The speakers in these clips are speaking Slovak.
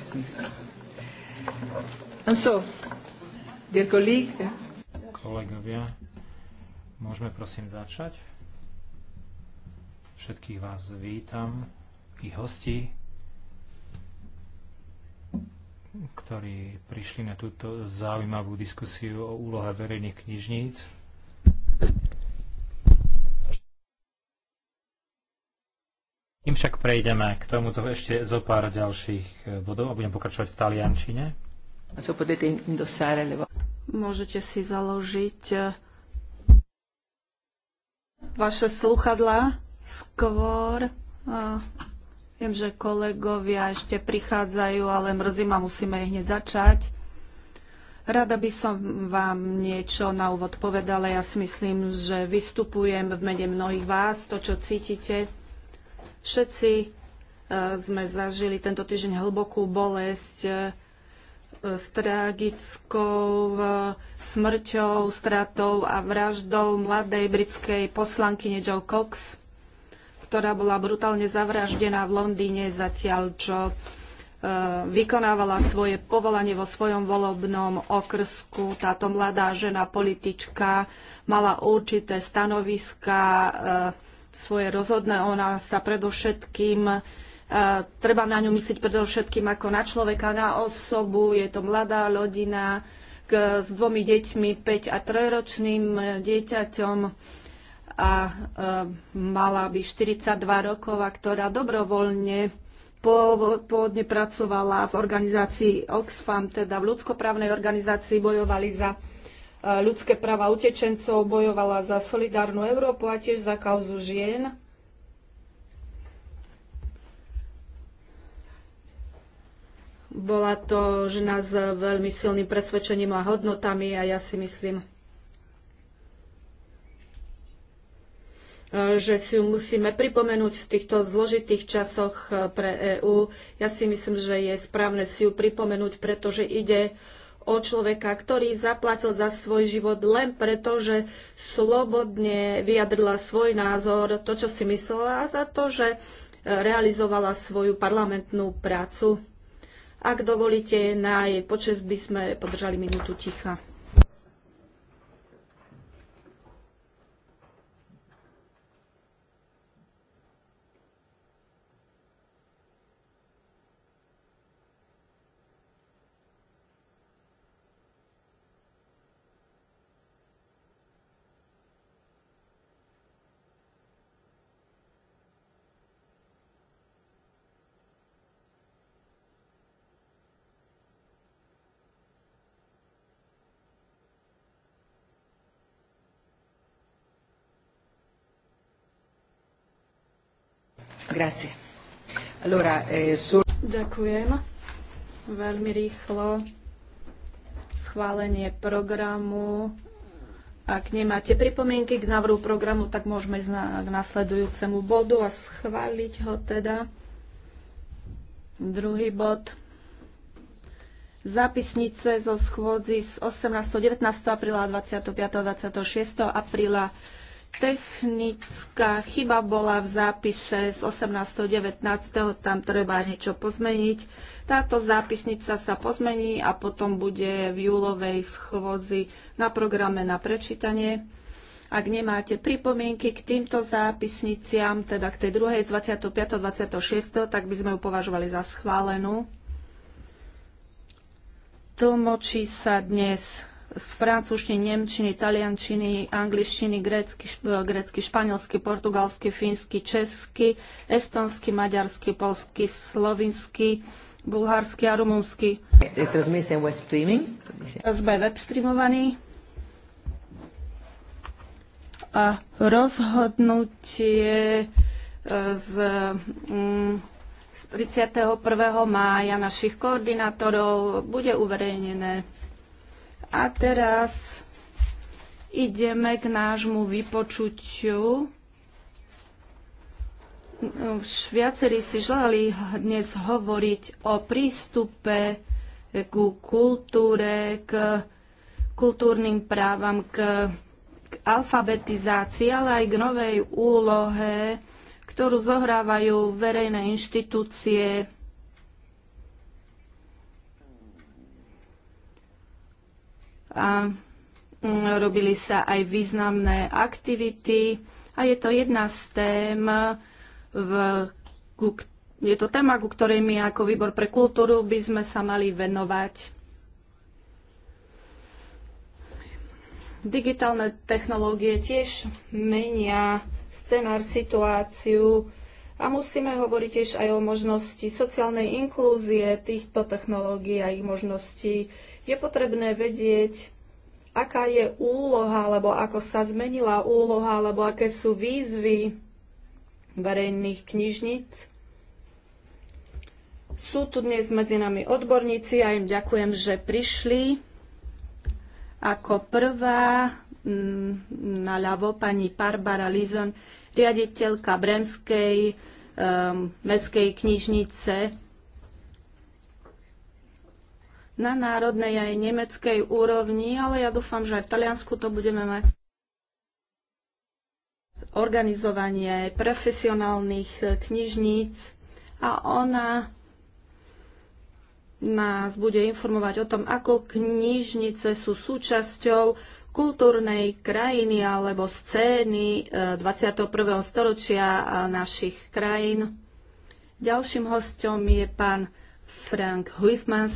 And no so, dear colleague. Eh? Kolegovia, môžeme prosím začať. Všetkých vás vítam, i hosti, ktorí prišli na túto zaujímavú diskusiu o úlohe verejných knižníc Kým však prejdeme k tomuto ešte zo pár ďalších eh, bodov a budem pokračovať v taliančine. Môžete si založiť eh, vaše sluchadlá skôr. Eh, viem, že kolegovia ešte prichádzajú, ale mrzí ma, musíme hneď začať. Rada by som vám niečo na úvod povedala. Ja si myslím, že vystupujem v mene mnohých vás, to, čo cítite Všetci e, sme zažili tento týždeň hlbokú bolesť e, s tragickou e, smrťou, stratou a vraždou mladej britskej poslankyne Jo Cox, ktorá bola brutálne zavraždená v Londýne zatiaľ, čo vykonávala svoje povolanie vo svojom volobnom okrsku. Táto mladá žena politička mala určité stanoviska, svoje rozhodné. Ona sa predovšetkým e, treba na ňu myslieť predovšetkým ako na človeka, na osobu. Je to mladá rodina k, s dvomi deťmi, 5 a 3 ročným e, dieťaťom a e, mala by 42 rokov, a ktorá dobrovoľne pôvodne pracovala v organizácii Oxfam, teda v ľudskoprávnej organizácii bojovali za ľudské práva utečencov, bojovala za solidárnu Európu a tiež za kauzu žien. Bola to žena s veľmi silným presvedčením a hodnotami a ja si myslím, že si ju musíme pripomenúť v týchto zložitých časoch pre EÚ. Ja si myslím, že je správne si ju pripomenúť, pretože ide o človeka, ktorý zaplatil za svoj život len preto, že slobodne vyjadrila svoj názor, to, čo si myslela, a za to, že e, realizovala svoju parlamentnú prácu. Ak dovolíte, na jej počas by sme podržali minútu ticha. Grazie. Allora, eh, Ďakujem. Veľmi rýchlo schválenie programu. Ak nemáte pripomienky k návrhu programu, tak môžeme ísť na, k nasledujúcemu bodu a schváliť ho teda. Druhý bod. Zápisnice zo schôdzi z 18. 19. apríla 25. 26. apríla technická chyba bola v zápise z 18.19. tam treba niečo pozmeniť. Táto zápisnica sa pozmení a potom bude v júlovej schôdzi na programe na prečítanie. Ak nemáte pripomienky k týmto zápisniciam, teda k tej druhej 25. 26., tak by sme ju považovali za schválenú. Tlmočí sa dnes z francúzštiny, nemčiny, taliančiny, angličtiny, grécky, e, grécky, španielsky, portugalsky, fínsky, česky, estonsky, maďarsky, polsky, slovinsky, bulharsky a rumunsky. Transmisia web streaming. Sme web streamovaní. A rozhodnutie e, z, mm, z 31. mája našich koordinátorov bude uverejnené a teraz ideme k nášmu vypočuťu. Už viacerí si želali dnes hovoriť o prístupe ku kultúre, k kultúrnym právam, k, k alfabetizácii, ale aj k novej úlohe, ktorú zohrávajú verejné inštitúcie, a mm, robili sa aj významné aktivity a je to jedna z tém, v, je to téma, ku ktorej my ako výbor pre kultúru by sme sa mali venovať. Digitálne technológie tiež menia scenár, situáciu a musíme hovoriť tiež aj o možnosti sociálnej inklúzie týchto technológií a ich možnosti je potrebné vedieť, aká je úloha, alebo ako sa zmenila úloha, alebo aké sú výzvy verejných knižnic. Sú tu dnes medzi nami odborníci a im ďakujem, že prišli. Ako prvá mm, na ľavo pani Barbara Lizon, riaditeľka Bremskej um, mestskej knižnice na národnej aj nemeckej úrovni, ale ja dúfam, že aj v Taliansku to budeme mať organizovanie profesionálnych eh, knižníc a ona nás bude informovať o tom, ako knižnice sú súčasťou kultúrnej krajiny alebo scény 21. Eh, storočia eh, našich krajín. Ďalším hostom je pán Frank Huismans,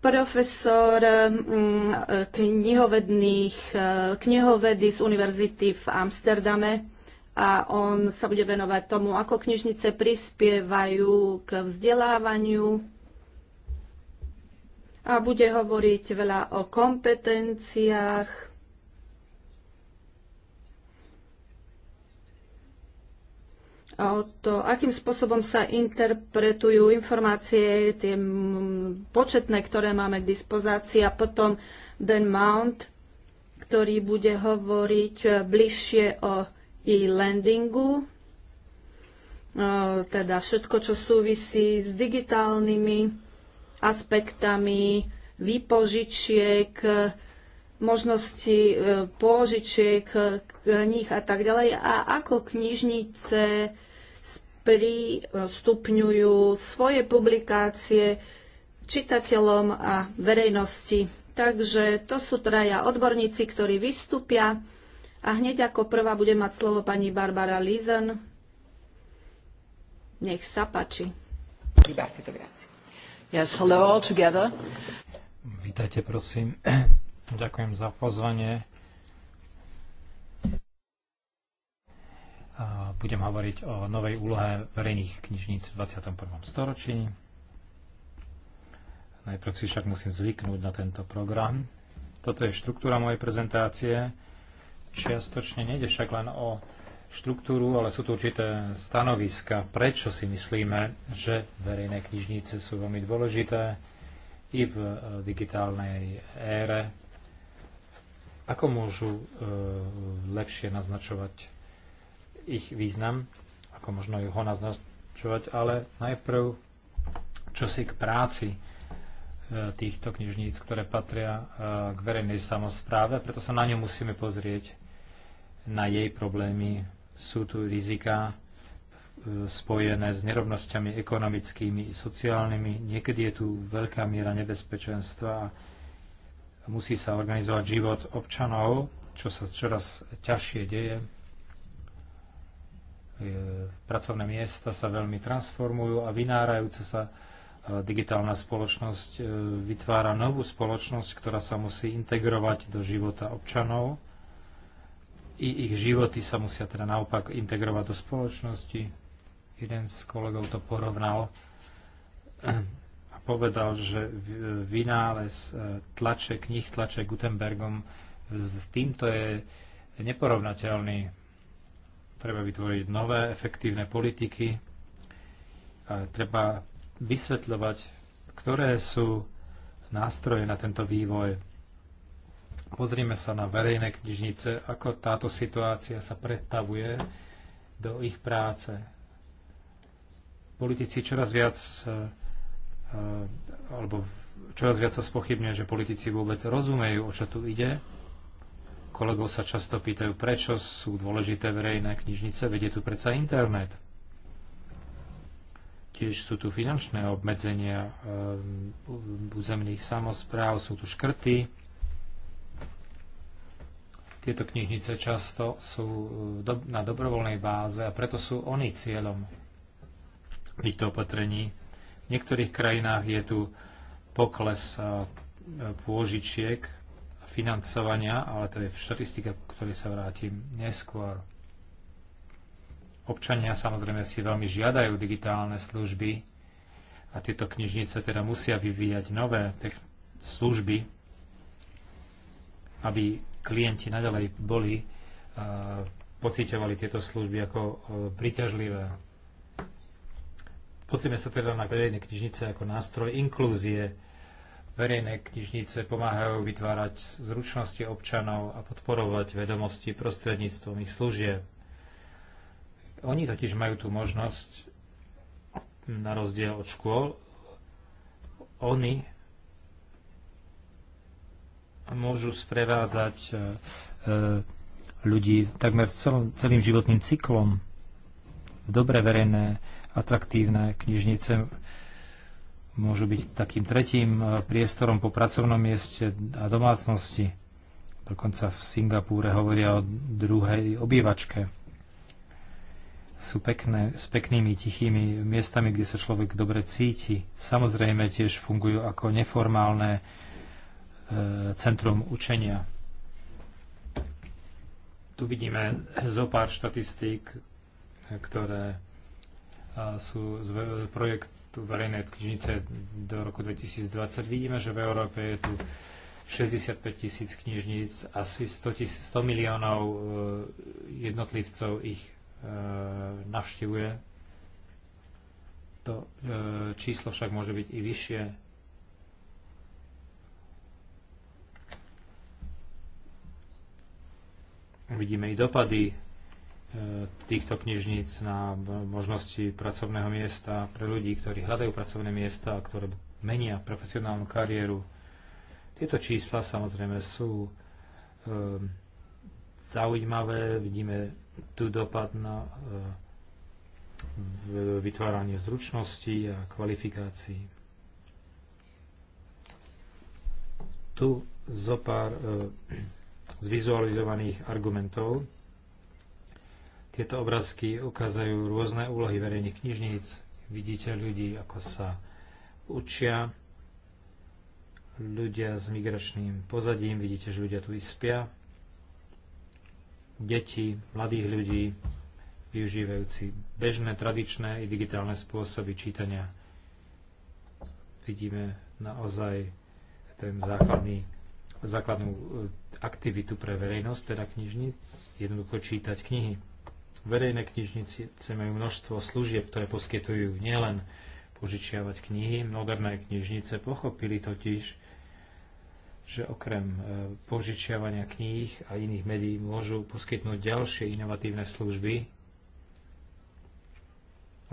profesor mm, knihovedných, e, knihovedy z univerzity v Amsterdame a on sa bude venovať tomu, ako knižnice prispievajú k vzdelávaniu a bude hovoriť veľa o kompetenciách o to, akým spôsobom sa interpretujú informácie, tie početné, ktoré máme k dispozácii a potom Dan Mount, ktorý bude hovoriť bližšie o e-landingu, e, teda všetko, čo súvisí s digitálnymi aspektami výpožičiek, možnosti e, pôžičiek, kníh a tak ďalej a ako knižnice pristupňujú svoje publikácie čitateľom a verejnosti. Takže to sú traja odborníci, ktorí vystúpia a hneď ako prvá bude mať slovo pani Barbara Lízen. Nech sa páči. Yes, hello all together. Vítajte, prosím. Ďakujem za pozvanie. budem hovoriť o novej úlohe verejných knižníc v 21. storočí. Najprv si však musím zvyknúť na tento program. Toto je štruktúra mojej prezentácie. Čiastočne nejde však len o štruktúru, ale sú tu určité stanoviska, prečo si myslíme, že verejné knižnice sú veľmi dôležité i v e, digitálnej ére. Ako môžu e, lepšie naznačovať ich význam, ako možno ju ho naznačovať, ale najprv čosi k práci e, týchto knižníc, ktoré patria e, k verejnej samozpráve, preto sa na ňu musíme pozrieť, na jej problémy. Sú tu rizika e, spojené s nerovnosťami ekonomickými i sociálnymi. Niekedy je tu veľká miera nebezpečenstva a musí sa organizovať život občanov, čo sa čoraz ťažšie deje pracovné miesta sa veľmi transformujú a vynárajúca sa e, digitálna spoločnosť e, vytvára novú spoločnosť, ktorá sa musí integrovať do života občanov. I ich životy sa musia teda naopak integrovať do spoločnosti. Jeden z kolegov to porovnal a povedal, že vynález e, tlače, knih tlače Gutenbergom s týmto je neporovnateľný treba vytvoriť nové efektívne politiky, a treba vysvetľovať, ktoré sú nástroje na tento vývoj. Pozrime sa na verejné knižnice, ako táto situácia sa predtavuje do ich práce. Politici čoraz viac e, e, alebo čoraz viac sa spochybňuje, že politici vôbec rozumejú, o čo tu ide Kolegov sa často pýtajú, prečo sú dôležité verejné knižnice, vedie tu predsa internet. Tiež sú tu finančné obmedzenia ehm, územných samozpráv, sú tu škrty. Tieto knižnice často sú ehm, na dobrovoľnej báze a preto sú oni cieľom týchto opatrení. V niektorých krajinách je tu pokles ehm, pôžičiek financovania, ale to je štatistika, ku ktorej sa vrátim neskôr. Občania samozrejme si veľmi žiadajú digitálne služby a tieto knižnice teda musia vyvíjať nové služby, aby klienti naďalej boli, uh, pociťovali tieto služby ako uh, e, priťažlivé. Pozrieme sa teda na verejné knižnice ako nástroj inklúzie, Verejné knižnice pomáhajú vytvárať zručnosti občanov a podporovať vedomosti prostredníctvom ich služieb. Oni totiž majú tú možnosť, na rozdiel od škôl, oni môžu sprevádzať e, e, ľudí takmer celom, celým životným cyklom. Dobre verejné, atraktívne knižnice môžu byť takým tretím e, priestorom po pracovnom mieste a domácnosti. Dokonca v Singapúre hovoria o druhej obývačke. Sú pekné, s peknými, tichými miestami, kde sa človek dobre cíti. Samozrejme tiež fungujú ako neformálne e, centrum učenia. Tu vidíme zo pár štatistík, ktoré sú z projekt tu verejné knižnice do roku 2020. Vidíme, že v Európe je tu 65 tisíc knižníc, asi 100, tisíc, 100 miliónov e, jednotlivcov ich e, navštevuje. To e, číslo však môže byť i vyššie. Vidíme i dopady E, týchto knižníc na možnosti pracovného miesta pre ľudí, ktorí hľadajú pracovné miesta a ktoré menia profesionálnu kariéru. Tieto čísla samozrejme sú e, zaujímavé. Vidíme tu dopad na uh, vytváranie zručností a kvalifikácií. Tu zopár e, zvizualizovaných argumentov tieto obrázky ukazujú rôzne úlohy verejných knižníc. Vidíte ľudí, ako sa učia, ľudia s migračným pozadím, vidíte, že ľudia tu spia, deti, mladých ľudí, využívajúci bežné, tradičné i digitálne spôsoby čítania. Vidíme naozaj ten základný, základnú e, aktivitu pre verejnosť, teda knižní, jednoducho čítať knihy. Verejné knižnice majú množstvo služieb, ktoré poskytujú nielen požičiavať knihy. Moderné knižnice pochopili totiž, že okrem e, požičiavania kníh a iných médií môžu poskytnúť ďalšie inovatívne služby,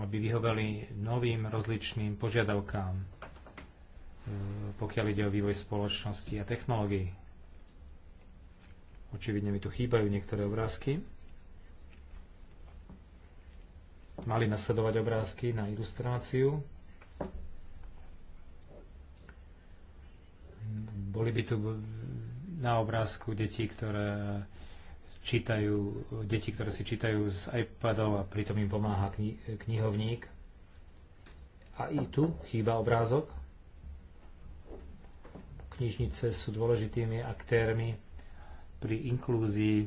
aby vyhovali novým rozličným požiadavkám, e, pokiaľ ide o vývoj spoločnosti a technológií. Očividne mi tu chýbajú niektoré obrázky. Mali nasledovať obrázky na ilustráciu. Boli by tu na obrázku deti, ktoré čítajú, deti, ktoré si čítajú z iPadov a pritom im pomáha kni- knihovník. A i tu chýba obrázok. Knižnice sú dôležitými aktérmi pri inklúzii,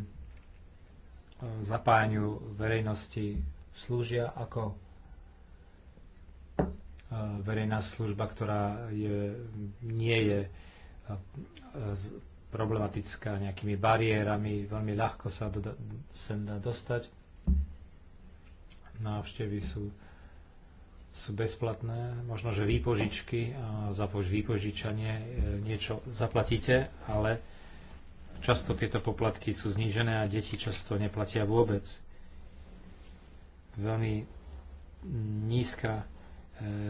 zapájaniu verejnosti slúžia ako e, verejná služba, ktorá je, nie je e, e, problematická nejakými bariérami, veľmi ľahko sa do, sem dá dostať. Návštevy sú, sú bezplatné, možno, že výpožičky, za výpožičanie niečo zaplatíte, ale často tieto poplatky sú znížené a deti často neplatia vôbec veľmi nízka e,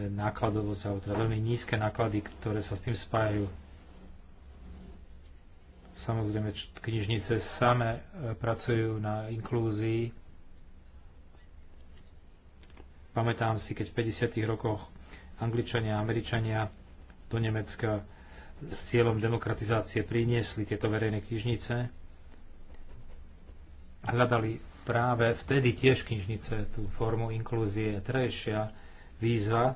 nákladovosť, alebo teda veľmi nízke náklady, ktoré sa s tým spájajú. Samozrejme, knižnice same e, pracujú na inklúzii. Pamätám si, keď v 50. rokoch Angličania a Američania do Nemecka s cieľom demokratizácie priniesli tieto verejné knižnice, hľadali práve vtedy tiež knižnice tú formu inklúzie trejšia výzva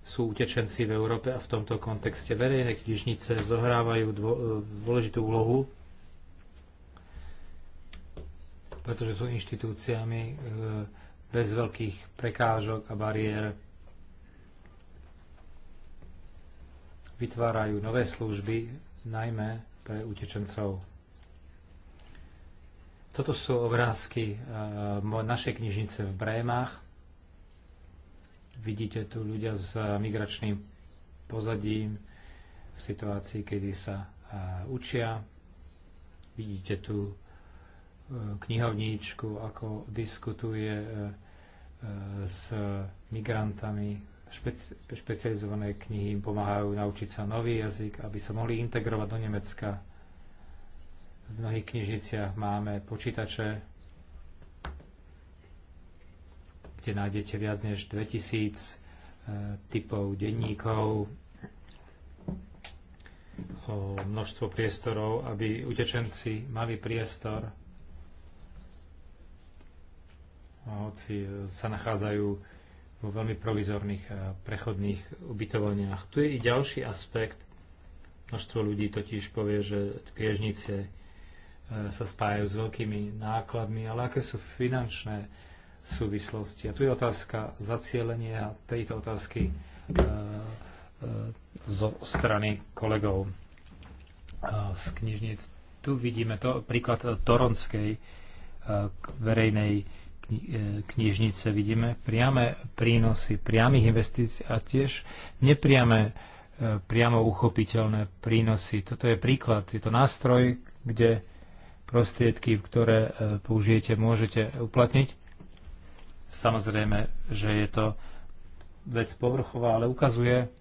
sú utečenci v Európe a v tomto kontexte verejné knižnice zohrávajú dvo, e, dôležitú úlohu, pretože sú inštitúciami e, bez veľkých prekážok a bariér. Vytvárajú nové služby, najmä pre utečencov. Toto sú obrázky e, našej knižnice v Brémach. Vidíte tu ľudia s e, migračným pozadím v situácii, kedy sa e, učia. Vidíte tu knihovníčku, ako diskutuje s migrantami. špecializované knihy im pomáhajú naučiť sa nový jazyk, aby sa mohli integrovať do Nemecka v mnohých knižniciach máme počítače, kde nájdete viac než 2000 e, typov denníkov, množstvo priestorov, aby utečenci mali priestor, hoci sa nachádzajú vo veľmi provizorných a e, prechodných ubytovaniach. Tu je i ďalší aspekt. Množstvo ľudí totiž povie, že kriežnice E, sa spájajú s veľkými nákladmi, ale aké sú finančné súvislosti. A tu je otázka zacielenia tejto otázky e, e, zo strany kolegov z knižnic. Tu vidíme to, príklad toronskej verejnej knižnice. Vidíme priame prínosy priamých investícií a tiež nepriame priamo uchopiteľné prínosy. Toto je príklad, je to nástroj, kde prostriedky, ktoré e, použijete, môžete uplatniť. Samozrejme, že je to vec povrchová, ale ukazuje,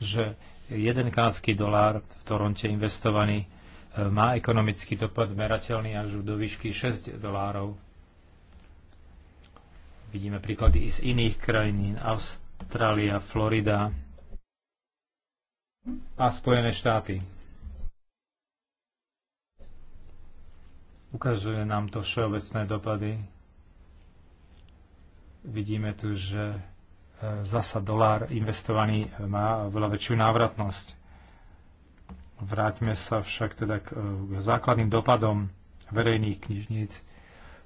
že jeden kanadský dolár v Toronte investovaný e, má ekonomický dopad merateľný až do výšky 6 dolárov. Vidíme príklady i z iných krajín, Austrália, Florida a Spojené štáty. Ukazuje nám to všeobecné dopady. Vidíme tu, že e, zasa dolár investovaný e, má veľa väčšiu návratnosť. Vráťme sa však teda e, k základným dopadom verejných knižníc.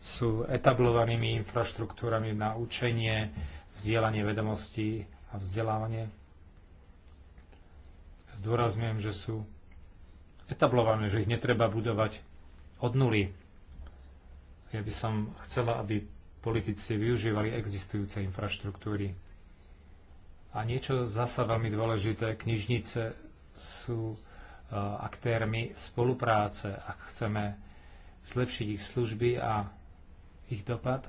Sú etablovanými infraštruktúrami na učenie, vzdielanie vedomostí a vzdelávanie. Zdôrazňujem, že sú etablované, že ich netreba budovať od nuly. Ja by som chcela, aby politici využívali existujúce infraštruktúry. A niečo zasa veľmi dôležité, knižnice sú e, aktérmi spolupráce, ak chceme zlepšiť ich služby a ich dopad. E,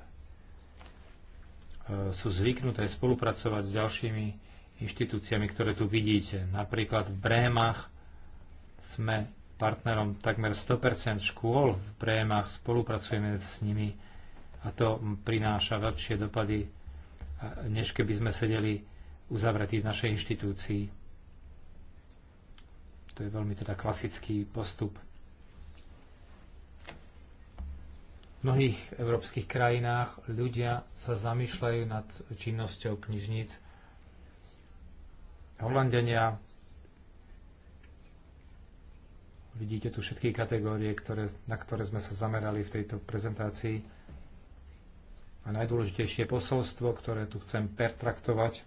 sú zvyknuté spolupracovať s ďalšími inštitúciami, ktoré tu vidíte. Napríklad v Brémach sme partnerom takmer 100% škôl v prémach, spolupracujeme s nimi a to prináša väčšie dopady, než keby sme sedeli uzavretí v našej inštitúcii. To je veľmi teda klasický postup. V mnohých európskych krajinách ľudia sa zamýšľajú nad činnosťou knižníc. Holandiania Vidíte tu všetky kategórie, ktoré, na ktoré sme sa zamerali v tejto prezentácii. A najdôležitejšie posolstvo, ktoré tu chcem pertraktovať,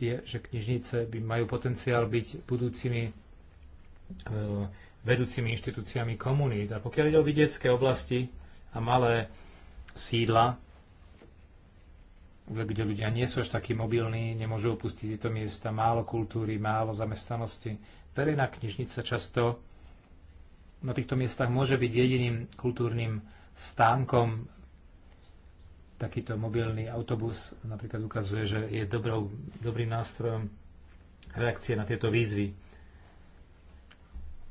je, že knižnice by majú potenciál byť budúcimi e, vedúcimi inštitúciami komunít. A pokiaľ ide o vidiecké oblasti a malé sídla, kde ľudia nie sú až takí mobilní, nemôžu opustiť tieto miesta, málo kultúry, málo zamestnanosti. Verejná knižnica často na týchto miestach môže byť jediným kultúrnym stánkom. Takýto mobilný autobus napríklad ukazuje, že je dobrou, dobrým nástrojom reakcie na tieto výzvy.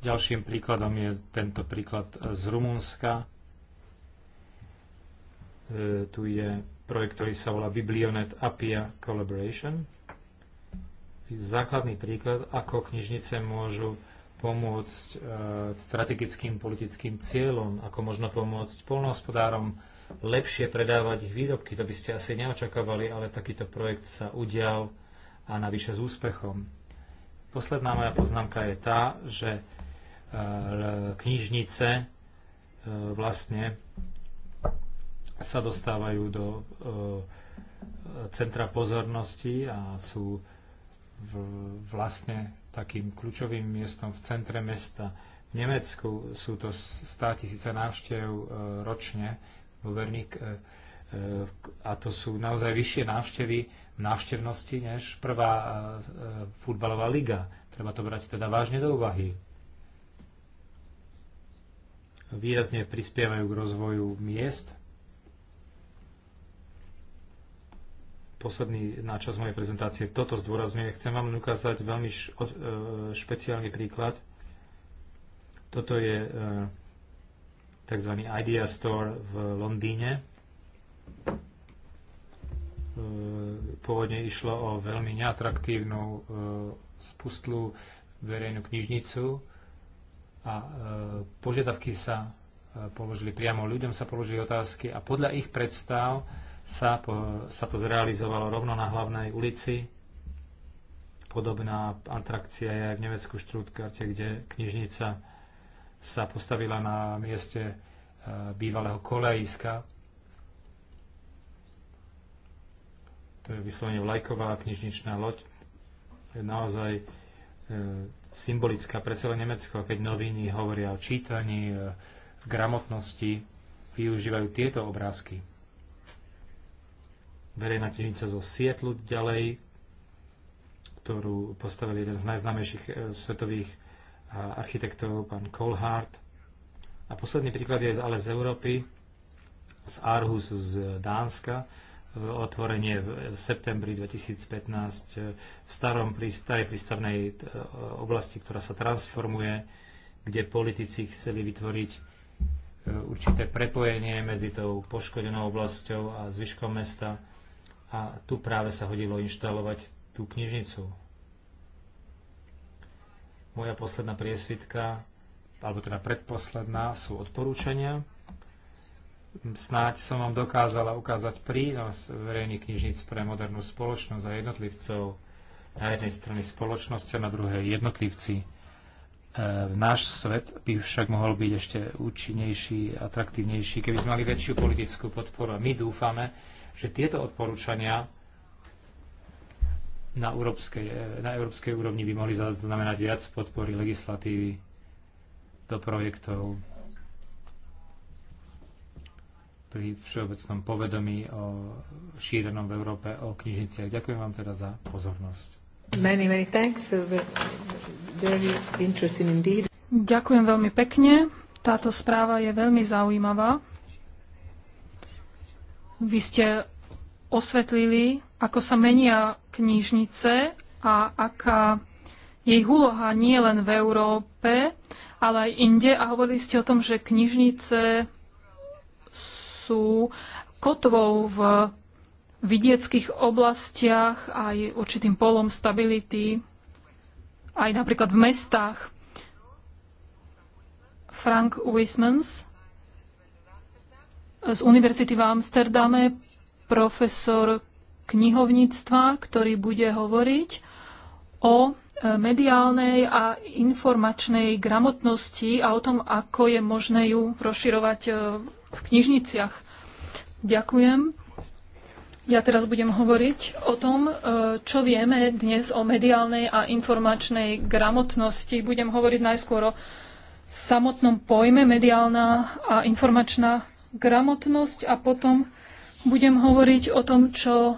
Ďalším príkladom je tento príklad z Rumunska. E, tu je projekt, ktorý sa volá Biblionet Apia Collaboration. Základný príklad, ako knižnice môžu pomôcť e, strategickým politickým cieľom, ako možno pomôcť polnohospodárom lepšie predávať ich výrobky. To by ste asi neočakávali, ale takýto projekt sa udial a navyše s úspechom. Posledná moja poznámka je tá, že e, knižnice e, vlastne sa dostávajú do eh, centra pozornosti a sú vlastne takým kľúčovým miestom v centre mesta. V Nemecku sú to 100 tisíce návštev eh, ročne vo e, eh, a to sú naozaj vyššie návštevy v návštevnosti než prvá futbalová liga. Treba to brať teda vážne do úvahy. Výrazne prispievajú k rozvoju miest posledný čas mojej prezentácie toto zdôrazňuje. Chcem vám ukázať veľmi e, špeciálny príklad. Toto je e, tzv. Idea Store v Londýne. E, pôvodne išlo o veľmi neatraktívnu spustlú verejnú knižnicu a požiadavky sa položili priamo ľuďom, sa položili otázky a podľa ich predstav sa, po, sa to zrealizovalo rovno na hlavnej ulici. Podobná atrakcia je aj v Nemecku Štrútkarte, kde knižnica sa postavila na mieste e, bývalého kolejiska. To je vyslovene vlajková knižničná loď. Je naozaj e, symbolická pre celé Nemecko, keď noviny hovoria o čítaní, e, gramotnosti, využívajú tieto obrázky verejná knižnica zo Sietlu ďalej, ktorú postavil jeden z najznámejších e, svetových e, architektov, pán Colhart. A posledný príklad je ale z Európy, z Aarhus z Dánska, e, otvorenie v septembri 2015 v starom, starej prístavnej oblasti, ktorá sa transformuje, kde politici chceli vytvoriť určité prepojenie medzi tou poškodenou oblasťou a zvyškom mesta a tu práve sa hodilo inštalovať tú knižnicu. Moja posledná priesvitka, alebo teda predposledná, sú odporúčania. Snáď som vám dokázala ukázať prínos verejných knižnic pre modernú spoločnosť a jednotlivcov. Na jednej strane spoločnosť a na druhej jednotlivci. E, náš svet by však mohol byť ešte účinnejší, atraktívnejší, keby sme mali väčšiu politickú podporu. A my dúfame, že tieto odporúčania na európskej, e, na európskej úrovni by mohli zaznamenať viac podpory legislatívy do projektov pri všeobecnom povedomí o šírenom v Európe o knižniciach. Ďakujem vám teda za pozornosť. Many, many thanks. Very interesting indeed. Ďakujem veľmi pekne. Táto správa je veľmi zaujímavá. Vy ste osvetlili, ako sa menia knižnice a aká jej úloha nie len v Európe, ale aj inde. A hovorili ste o tom, že knižnice sú kotvou v vidieckých oblastiach aj určitým polom stability, aj napríklad v mestách. Frank Wismans z Univerzity v Amsterdame, profesor knihovníctva, ktorý bude hovoriť o e, mediálnej a informačnej gramotnosti a o tom, ako je možné ju rozširovať e, v knižniciach. Ďakujem. Ja teraz budem hovoriť o tom, e, čo vieme dnes o mediálnej a informačnej gramotnosti. Budem hovoriť najskôr o samotnom pojme mediálna a informačná gramotnosť a potom budem hovoriť o tom, čo, um,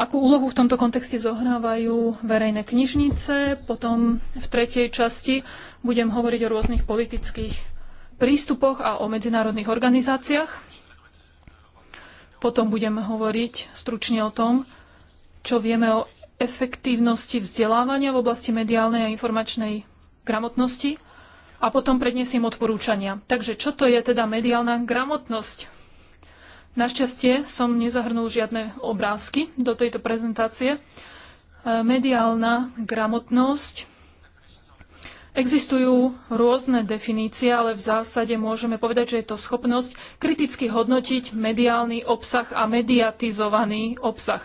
akú úlohu v tomto kontexte zohrávajú verejné knižnice. Potom v tretej časti budem hovoriť o rôznych politických prístupoch a o medzinárodných organizáciách. Potom budem hovoriť stručne o tom, čo vieme o efektívnosti vzdelávania v oblasti mediálnej a informačnej gramotnosti a potom predniesiem odporúčania. Takže čo to je teda mediálna gramotnosť? Našťastie som nezahrnul žiadne obrázky do tejto prezentácie. E, mediálna gramotnosť. Existujú rôzne definície, ale v zásade môžeme povedať, že je to schopnosť kriticky hodnotiť mediálny obsah a mediatizovaný obsah.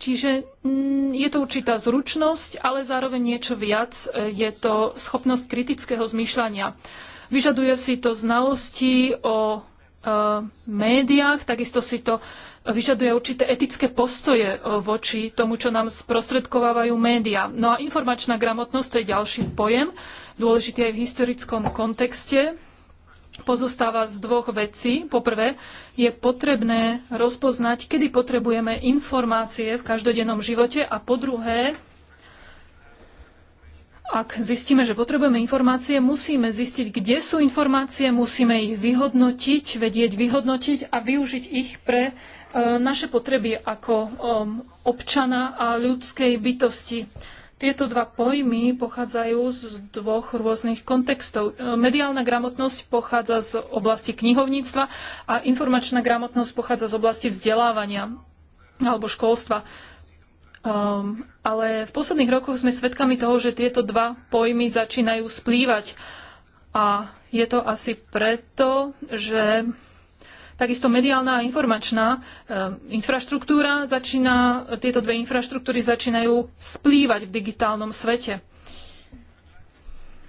Čiže mm, je to určitá zručnosť, ale zároveň niečo viac. E, je to schopnosť kritického zmýšľania. Vyžaduje si to znalosti o e, médiách, takisto si to vyžaduje určité etické postoje e, voči tomu, čo nám sprostredkovávajú médiá. No a informačná gramotnosť to je ďalší pojem, dôležitý aj v historickom kontexte pozostáva z dvoch vecí. Poprvé, je potrebné rozpoznať, kedy potrebujeme informácie v každodennom živote a po druhé, ak zistíme, že potrebujeme informácie, musíme zistiť, kde sú informácie, musíme ich vyhodnotiť, vedieť vyhodnotiť a využiť ich pre e, naše potreby ako e, občana a ľudskej bytosti. Tieto dva pojmy pochádzajú z dvoch rôznych kontextov. E, mediálna gramotnosť pochádza z oblasti knihovníctva a informačná gramotnosť pochádza z oblasti vzdelávania alebo školstva. Um, ale v posledných rokoch sme svedkami toho, že tieto dva pojmy začínajú splývať. A je to asi preto, že Takisto mediálna a informačná eh, infraštruktúra začína, tieto dve infraštruktúry začínajú splývať v digitálnom svete.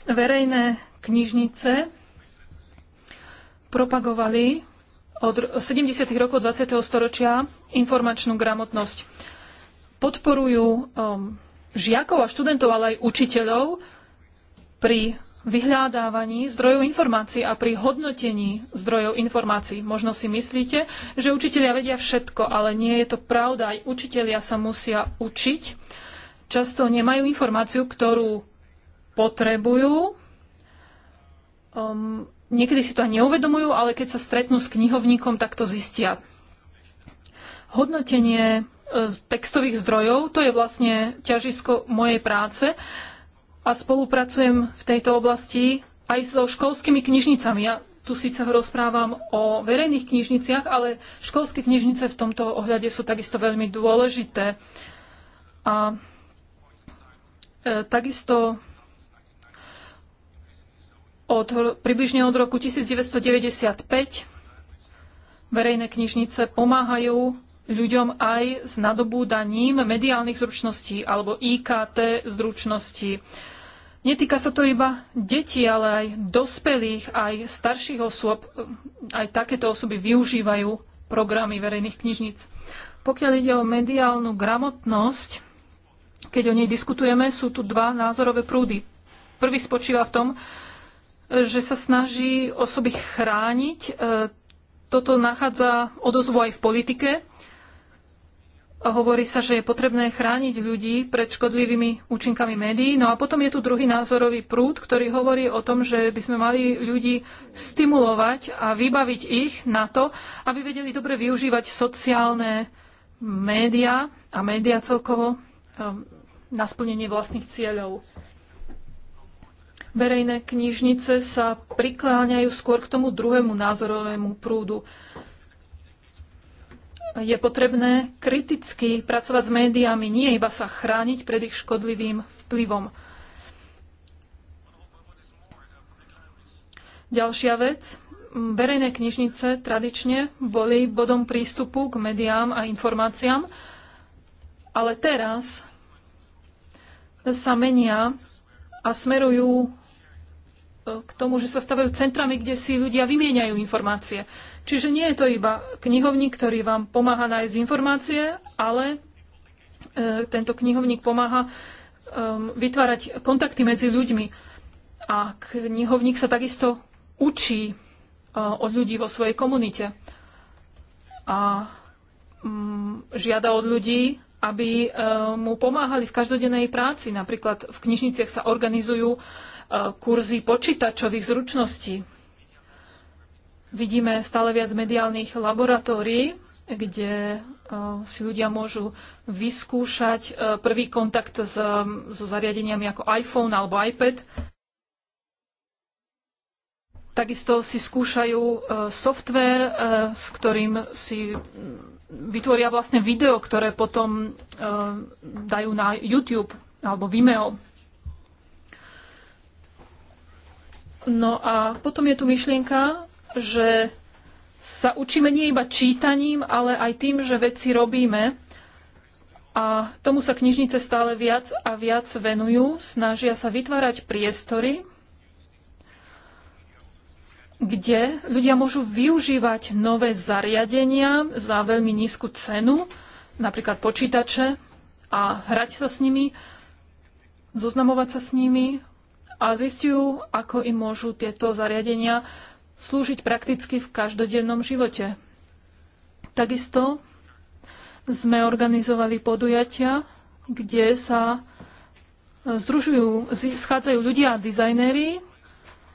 Verejné knižnice propagovali od 70. rokov 20. storočia informačnú gramotnosť. Podporujú ehm, žiakov a študentov, ale aj učiteľov pri vyhľadávaní zdrojov informácií a pri hodnotení zdrojov informácií. Možno si myslíte, že učitelia vedia všetko, ale nie je to pravda. Aj učitelia sa musia učiť. Často nemajú informáciu, ktorú potrebujú. Um, niekedy si to ani neuvedomujú, ale keď sa stretnú s knihovníkom, tak to zistia. Hodnotenie e, textových zdrojov, to je vlastne ťažisko mojej práce a spolupracujem v tejto oblasti aj so školskými knižnicami. Ja tu síce rozprávam o verejných knižniciach, ale školské knižnice v tomto ohľade sú takisto veľmi dôležité. A e, takisto od, približne od roku 1995 verejné knižnice pomáhajú ľuďom aj s nadobúdaním mediálnych zručností alebo IKT zručností. Netýka sa to iba detí, ale aj dospelých, aj starších osôb. Aj takéto osoby využívajú programy verejných knižníc. Pokiaľ ide o mediálnu gramotnosť, keď o nej diskutujeme, sú tu dva názorové prúdy. Prvý spočíva v tom, že sa snaží osoby chrániť. E, toto nachádza odozvu aj v politike. Hovorí sa, že je potrebné chrániť ľudí pred škodlivými účinkami médií. No a potom je tu druhý názorový prúd, ktorý hovorí o tom, že by sme mali ľudí stimulovať a vybaviť ich na to, aby vedeli dobre využívať sociálne médiá a médiá celkovo ehm, na splnenie vlastných cieľov. Verejné knižnice sa prikláňajú skôr k tomu druhému názorovému prúdu je potrebné kriticky pracovať s médiami, nie iba sa chrániť pred ich škodlivým vplyvom. Ďalšia vec. Verejné knižnice tradične boli bodom prístupu k médiám a informáciám, ale teraz sa menia a smerujú k tomu, že sa stavajú centrami, kde si ľudia vymieňajú informácie. Čiže nie je to iba knihovník, ktorý vám pomáha nájsť informácie, ale e, tento knihovník pomáha e, vytvárať kontakty medzi ľuďmi. A knihovník sa takisto učí e, od ľudí vo svojej komunite. A mm, žiada od ľudí, aby mu pomáhali v každodennej práci. Napríklad v knižniciach sa organizujú kurzy počítačových zručností. Vidíme stále viac mediálnych laboratórií, kde e, si ľudia môžu vyskúšať e, prvý kontakt s, so zariadeniami ako iPhone alebo iPad. Takisto si skúšajú e, software, s ktorým si vytvoria vlastne video, ktoré potom dajú na YouTube alebo Vimeo. No a potom je tu myšlienka, že sa učíme nie iba čítaním, ale aj tým, že veci robíme. A tomu sa knižnice stále viac a viac venujú, snažia sa vytvárať priestory, kde ľudia môžu využívať nové zariadenia za veľmi nízku cenu, napríklad počítače, a hrať sa s nimi, zoznamovať sa s nimi, a zistujú, ako im môžu tieto zariadenia slúžiť prakticky v každodennom živote. Takisto sme organizovali podujatia, kde sa združujú, schádzajú ľudia a dizajnéri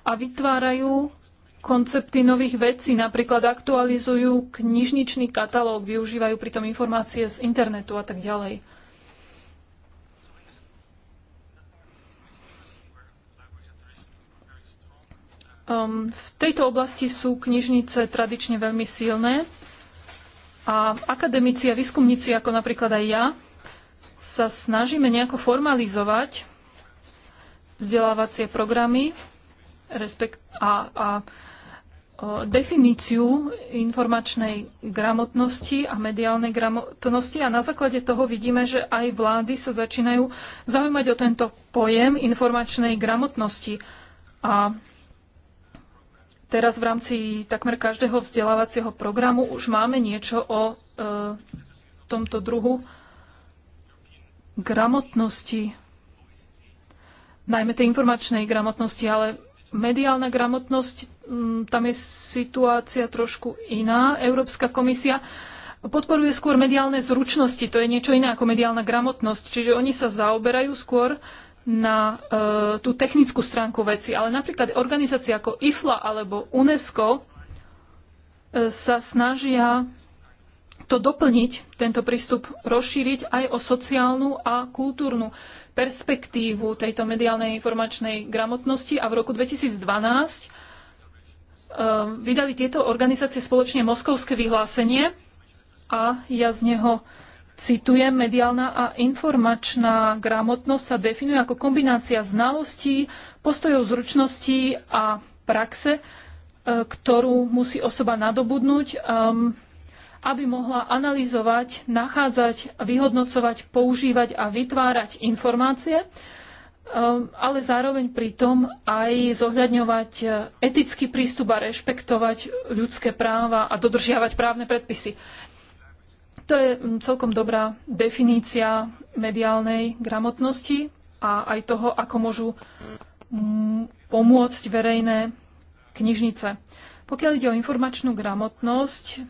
a vytvárajú koncepty nových vecí, napríklad aktualizujú knižničný katalóg, využívajú pritom informácie z internetu a tak ďalej. Um, v tejto oblasti sú knižnice tradične veľmi silné a akademici a výskumníci, ako napríklad aj ja, sa snažíme nejako formalizovať vzdelávacie programy respekt a, a definíciu informačnej gramotnosti a mediálnej gramotnosti a na základe toho vidíme, že aj vlády sa začínajú zaujímať o tento pojem informačnej gramotnosti. A Teraz v rámci takmer každého vzdelávacieho programu už máme niečo o e, tomto druhu gramotnosti, najmä tej informačnej gramotnosti, ale mediálna gramotnosť, tam je situácia trošku iná. Európska komisia podporuje skôr mediálne zručnosti, to je niečo iné ako mediálna gramotnosť, čiže oni sa zaoberajú skôr na e, tú technickú stránku veci, ale napríklad organizácie ako IFLA alebo UNESCO e, sa snažia to doplniť, tento prístup rozšíriť aj o sociálnu a kultúrnu perspektívu tejto mediálnej informačnej gramotnosti a v roku 2012 e, vydali tieto organizácie spoločne moskovské vyhlásenie a ja z neho Citujem, mediálna a informačná gramotnosť sa definuje ako kombinácia znalostí, postojov zručností a praxe, e, ktorú musí osoba nadobudnúť, e, aby mohla analyzovať, nachádzať, vyhodnocovať, používať a vytvárať informácie, e, ale zároveň pritom aj zohľadňovať etický prístup a rešpektovať ľudské práva a dodržiavať právne predpisy. To je mm, celkom dobrá definícia mediálnej gramotnosti a aj toho, ako môžu mm, pomôcť verejné knižnice. Pokiaľ ide o informačnú gramotnosť,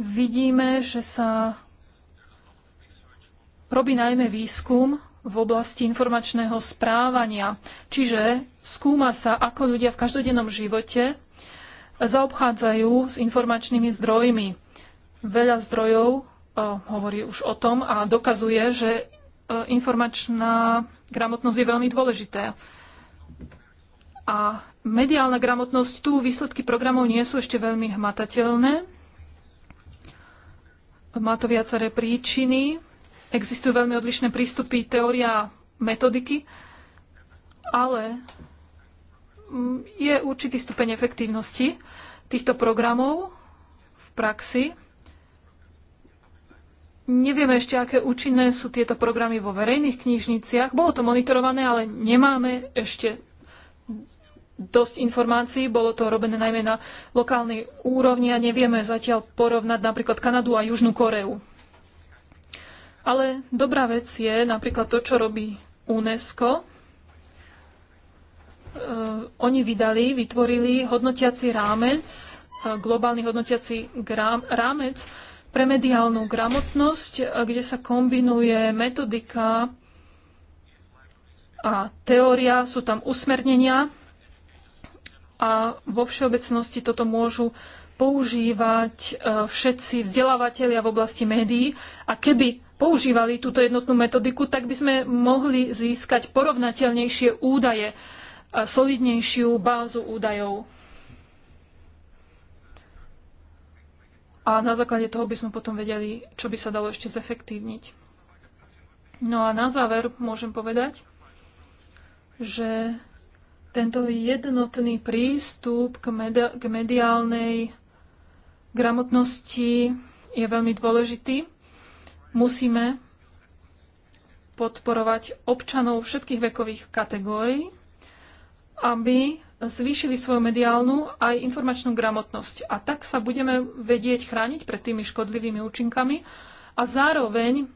vidíme, že sa robí najmä výskum v oblasti informačného správania. Čiže skúma sa, ako ľudia v každodennom živote zaobchádzajú s informačnými zdrojmi. Veľa zdrojov e, hovorí už o tom a dokazuje, že e, informačná gramotnosť je veľmi dôležitá. A mediálna gramotnosť, tu výsledky programov nie sú ešte veľmi hmatateľné. Má to viaceré príčiny. Existujú veľmi odlišné prístupy, teória, metodiky, ale mm, je určitý stupeň efektívnosti týchto programov v praxi Nevieme ešte, aké účinné sú tieto programy vo verejných knižniciach. Bolo to monitorované, ale nemáme ešte dosť informácií. Bolo to robené najmä na lokálnej úrovni a nevieme zatiaľ porovnať napríklad Kanadu a Južnú Koreu. Ale dobrá vec je napríklad to, čo robí UNESCO. E, oni vydali, vytvorili hodnotiaci rámec, e, globálny hodnotiaci rámec, pre mediálnu gramotnosť, e, kde sa kombinuje metodika a teória, sú tam usmernenia a vo všeobecnosti toto môžu používať e, všetci vzdelávateľia v oblasti médií a keby používali túto jednotnú metodiku, tak by sme mohli získať porovnateľnejšie údaje, solidnejšiu bázu údajov. A na základe toho by sme potom vedeli, čo by sa dalo ešte zefektívniť. No a na záver môžem povedať, že tento jednotný prístup k, medi- k mediálnej gramotnosti je veľmi dôležitý. Musíme podporovať občanov všetkých vekových kategórií, aby zvýšili svoju mediálnu aj informačnú gramotnosť. A tak sa budeme vedieť chrániť pred tými škodlivými účinkami a zároveň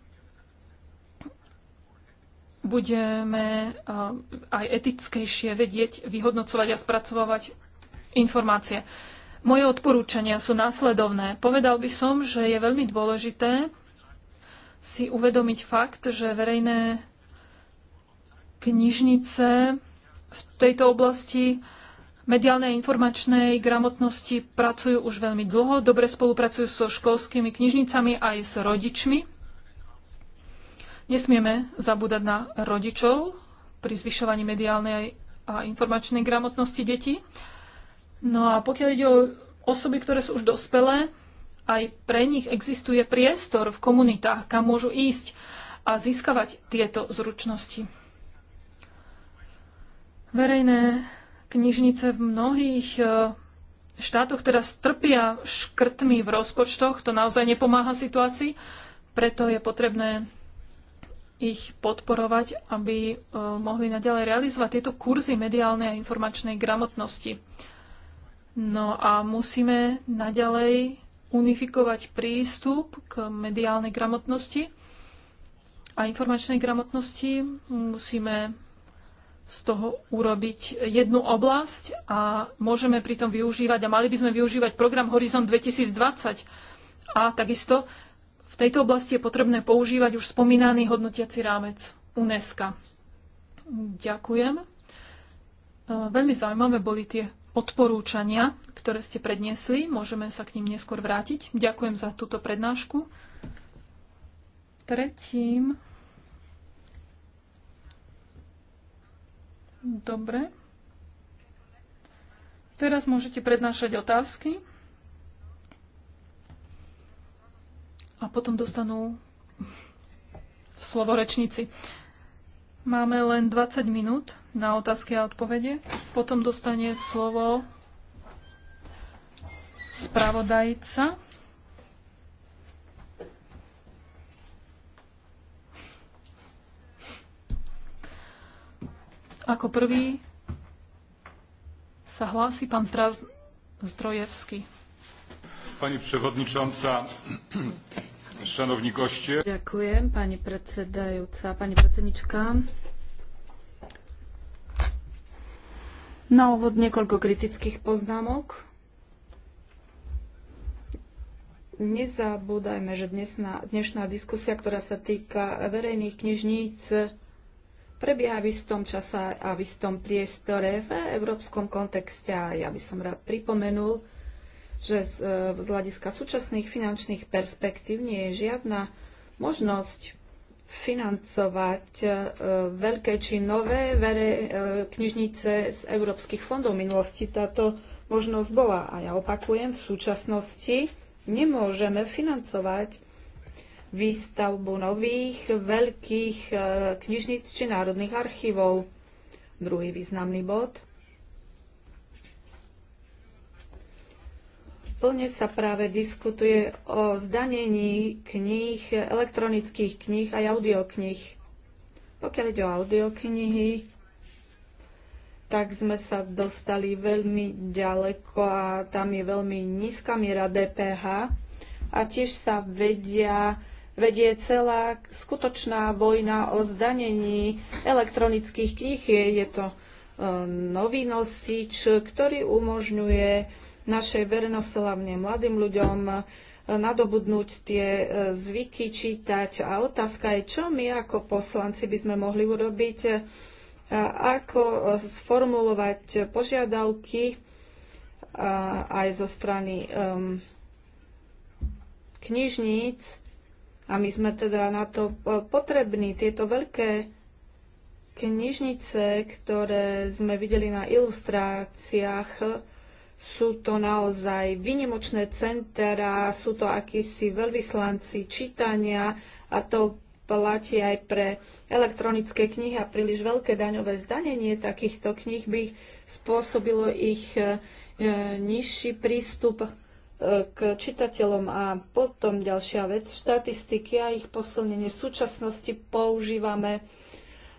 budeme eh, aj etickejšie vedieť vyhodnocovať a spracovávať informácie. Moje odporúčania sú následovné. Povedal by som, že je veľmi dôležité si uvedomiť fakt, že verejné knižnice v tejto oblasti mediálnej informačnej gramotnosti pracujú už veľmi dlho, dobre spolupracujú so školskými knižnicami aj s rodičmi. Nesmieme zabúdať na rodičov pri zvyšovaní mediálnej a informačnej gramotnosti detí. No a pokiaľ ide o osoby, ktoré sú už dospelé, aj pre nich existuje priestor v komunitách, kam môžu ísť a získavať tieto zručnosti. Verejné Knižnice v mnohých e, štátoch teraz trpia škrtmi v rozpočtoch, to naozaj nepomáha situácii, preto je potrebné ich podporovať, aby e, mohli naďalej realizovať tieto kurzy mediálnej a informačnej gramotnosti. No a musíme naďalej unifikovať prístup k mediálnej gramotnosti a informačnej gramotnosti. Musíme z toho urobiť jednu oblasť a môžeme pritom využívať a mali by sme využívať program Horizon 2020. A takisto v tejto oblasti je potrebné používať už spomínaný hodnotiaci rámec UNESCO. Ďakujem. No, veľmi zaujímavé boli tie odporúčania, ktoré ste predniesli. Môžeme sa k ním neskôr vrátiť. Ďakujem za túto prednášku. Tretím Dobre. Teraz môžete prednášať otázky. A potom dostanú slovo rečníci. Máme len 20 minút na otázky a odpovede. Potom dostane slovo spravodajca Ako prvý sa hlási pán Zdraz Zdrojevský. Pani przewodnicząca, szanowni goście. Ďakujem, pani predsedajúca, pani predsednička. Na úvod niekoľko kritických poznámok. Nezabúdajme, že dnesná, dnešná diskusia, ktorá sa týka verejných knižníc, prebieha v istom čase a v istom priestore v európskom kontexte. A ja by som rád pripomenul, že z, e, z hľadiska súčasných finančných perspektív nie je žiadna možnosť financovať e, veľké či nové vere, e, knižnice z európskych fondov. V minulosti táto možnosť bola. A ja opakujem, v súčasnosti nemôžeme financovať výstavbu nových veľkých e, knižníc či národných archívov. Druhý významný bod. Plne sa práve diskutuje o zdanení kníh, elektronických kníh a audiokníh. Pokiaľ ide o audioknihy, tak sme sa dostali veľmi ďaleko a tam je veľmi nízka miera DPH a tiež sa vedia vedie celá skutočná vojna o zdanení elektronických kníh. Je, je to e, nový nosič, ktorý umožňuje našej verejnosti, hlavne mladým ľuďom, e, nadobudnúť tie e, zvyky, čítať. A otázka je, čo my ako poslanci by sme mohli urobiť, ako sformulovať požiadavky aj zo strany knižníc, a my sme teda na to e, potrební. Tieto veľké knižnice, ktoré sme videli na ilustráciách, sú to naozaj vynimočné centra, sú to akísi veľvyslanci čítania a to platí aj pre elektronické knihy a príliš veľké daňové zdanenie takýchto knih by spôsobilo ich e, nižší prístup k čitateľom. A potom ďalšia vec, štatistiky a ich posilnenie. V súčasnosti používame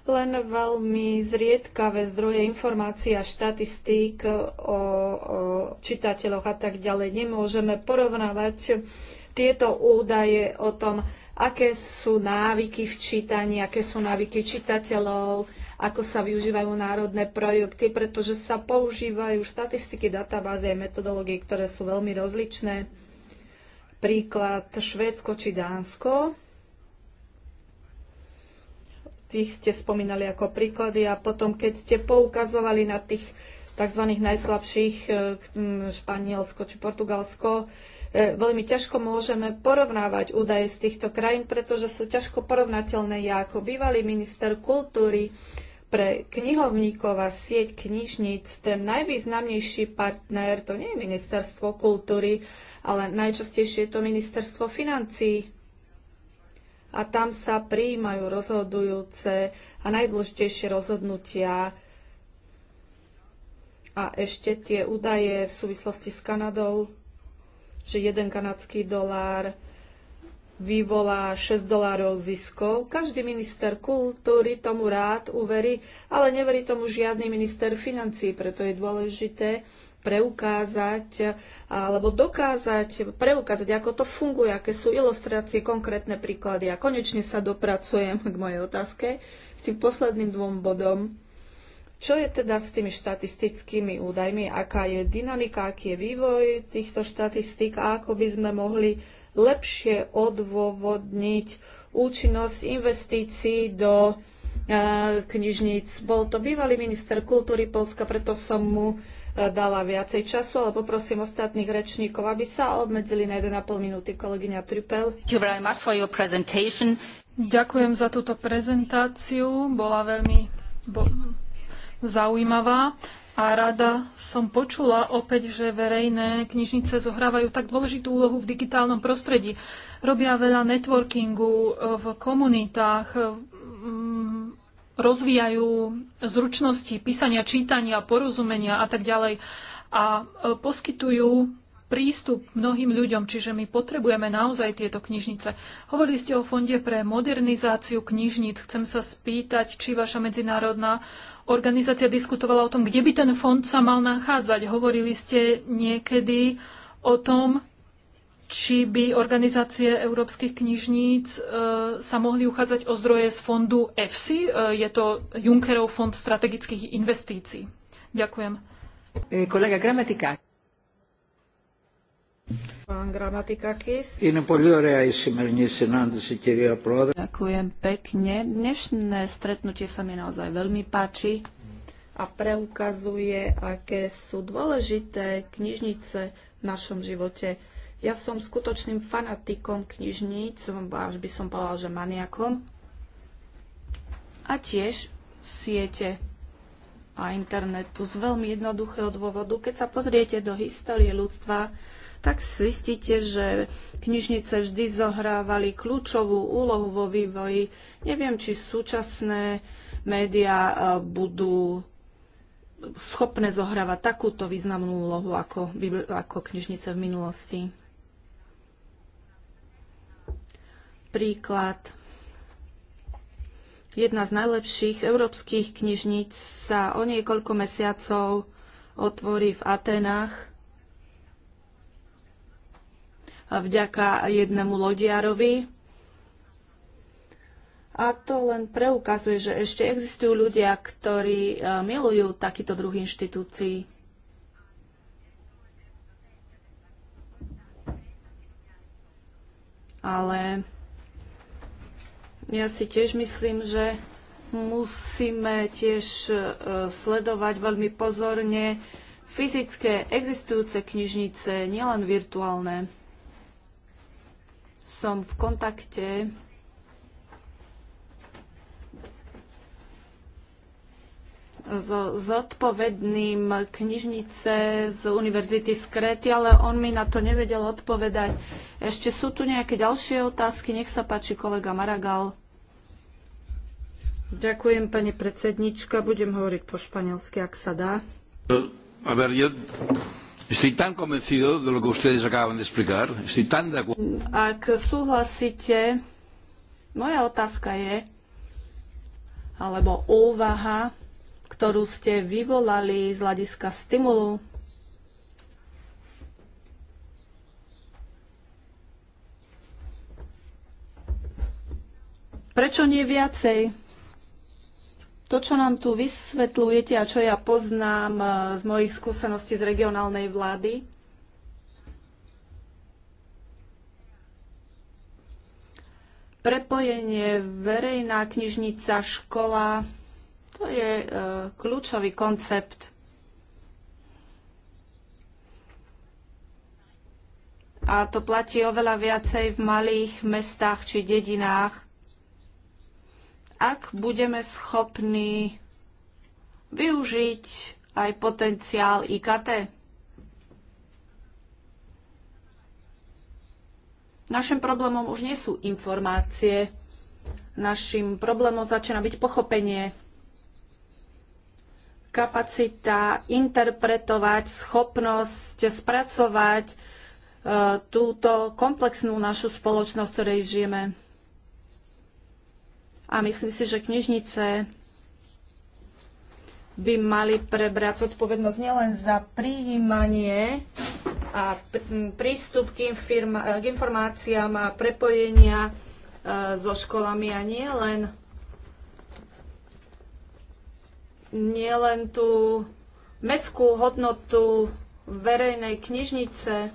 len veľmi zriedkavé zdroje informácií a štatistík o, o čitateľoch a tak ďalej. Nemôžeme porovnávať tieto údaje o tom, aké sú návyky v čítaní, aké sú návyky čitateľov, ako sa využívajú národné projekty, pretože sa používajú štatistiky, databázy a metodológie, ktoré sú veľmi rozličné. Príklad Švédsko či Dánsko. Tých ste spomínali ako príklady a potom, keď ste poukazovali na tých tzv. najslabších e, Španielsko či Portugalsko, e, veľmi ťažko môžeme porovnávať údaje z týchto krajín, pretože sú ťažko porovnateľné. Ja ako bývalý minister kultúry pre knihovníkov a sieť knižníc ten najvýznamnejší partner to nie je ministerstvo kultúry, ale najčastejšie je to ministerstvo financií. A tam sa prijímajú rozhodujúce a najdôležitejšie rozhodnutia. A ešte tie údaje v súvislosti s Kanadou, že jeden kanadský dolár vyvolá 6 dolárov ziskov. Každý minister kultúry tomu rád uverí, ale neverí tomu žiadny minister financií, preto je dôležité preukázať alebo dokázať, preukázať, ako to funguje, aké sú ilustrácie, konkrétne príklady. A konečne sa dopracujem k mojej otázke, k tým posledným dvom bodom. Čo je teda s tými štatistickými údajmi? Aká je dynamika, aký je vývoj týchto štatistík a ako by sme mohli lepšie odôvodniť účinnosť investícií do e, knižníc. Bol to bývalý minister kultúry Polska, preto som mu e, dala viacej času, ale poprosím ostatných rečníkov, aby sa obmedzili na 1,5 minúty. Kolegyňa Tripel. Ďakujem za túto prezentáciu, bola veľmi bo zaujímavá a rada som počula opäť, že verejné knižnice zohrávajú tak dôležitú úlohu v digitálnom prostredí. Robia veľa networkingu e, v komunitách, e, mm, rozvíjajú zručnosti písania, čítania, porozumenia a tak ďalej a e, poskytujú prístup mnohým ľuďom, čiže my potrebujeme naozaj tieto knižnice. Hovorili ste o Fonde pre modernizáciu knižníc. Chcem sa spýtať, či vaša medzinárodná organizácia diskutovala o tom, kde by ten fond sa mal nachádzať. Hovorili ste niekedy o tom, či by organizácie európskych knižníc e, sa mohli uchádzať o zdroje z fondu EFSI, e, je to Junckerov fond strategických investícií. Ďakujem. E, kolega Gramatika. Ďakujem pekne. Dnešné stretnutie sa mi naozaj veľmi páči a preukazuje, aké sú dôležité knižnice v našom živote. Ja som skutočným fanatikom knižníc, až by som povedal, že maniakom. A tiež siete a internetu z veľmi jednoduchého dôvodu. Keď sa pozriete do histórie ľudstva, tak zistíte, že knižnice vždy zohrávali kľúčovú úlohu vo vývoji. Neviem, či súčasné médiá e, budú schopné zohrávať takúto významnú úlohu ako, ako knižnice v minulosti. Príklad Jedna z najlepších európskych knižníc sa o niekoľko mesiacov otvorí v Atenách vďaka jednému lodiarovi. A to len preukazuje, že ešte existujú ľudia, ktorí e, milujú takýto druh inštitúcií. Ale ja si tiež myslím, že musíme tiež e, sledovať veľmi pozorne fyzické existujúce knižnice, nielen virtuálne. Som v kontakte so zodpovedným knižnice z Univerzity z Kréty, ale on mi na to nevedel odpovedať. Ešte sú tu nejaké ďalšie otázky? Nech sa páči kolega Maragal. Ďakujem, pani predsednička. Budem hovoriť po španielsky, ak sa dá. A ver, ja... estoy tan convencido de lo que ustedes acaban de explicar. Estoy tan de acuerdo. Ak súhlasíte, moja otázka je, alebo úvaha, ktorú ste vyvolali z hľadiska stimulu Prečo nie viacej? To, čo nám tu vysvetľujete a čo ja poznám e, z mojich skúseností z regionálnej vlády, prepojenie verejná knižnica, škola, to je e, kľúčový koncept. A to platí oveľa viacej v malých mestách či dedinách. Ak budeme schopní využiť aj potenciál IKT. Našim problémom už nie sú informácie, našim problémom začína byť pochopenie kapacita interpretovať, schopnosť spracovať e, túto komplexnú našu spoločnosť, v ktorej žijeme. A myslím si, že knižnice by mali prebrať zodpovednosť nielen za prijímanie a prístup k, k informáciám a prepojenia e, so školami a nie len nielen tú meskú hodnotu verejnej knižnice,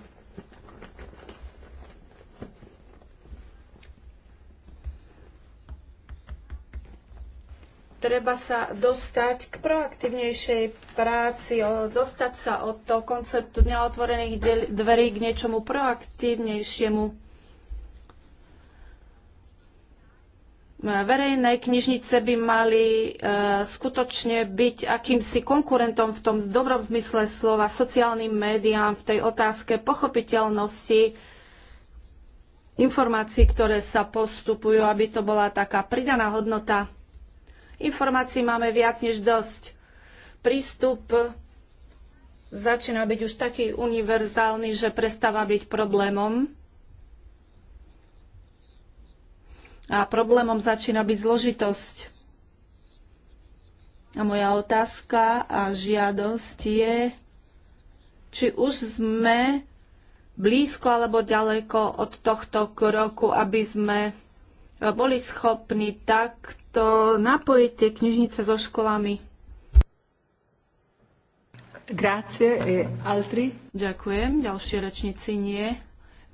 treba sa dostať k proaktívnejšej práci, dostať sa od toho konceptu dňa otvorených dverí k niečomu proaktívnejšiemu verejné knižnice by mali e, skutočne byť akýmsi konkurentom v tom dobrom zmysle slova sociálnym médiám v tej otázke pochopiteľnosti informácií, ktoré sa postupujú, aby to bola taká pridaná hodnota. Informácií máme viac než dosť. Prístup začína byť už taký univerzálny, že prestáva byť problémom A problémom začína byť zložitosť. A moja otázka a žiadosť je, či už sme blízko alebo ďaleko od tohto kroku, aby sme boli schopní takto napojiť tie knižnice so školami. Grazie e altri. Ďakujem. Ďalšie rečníci nie.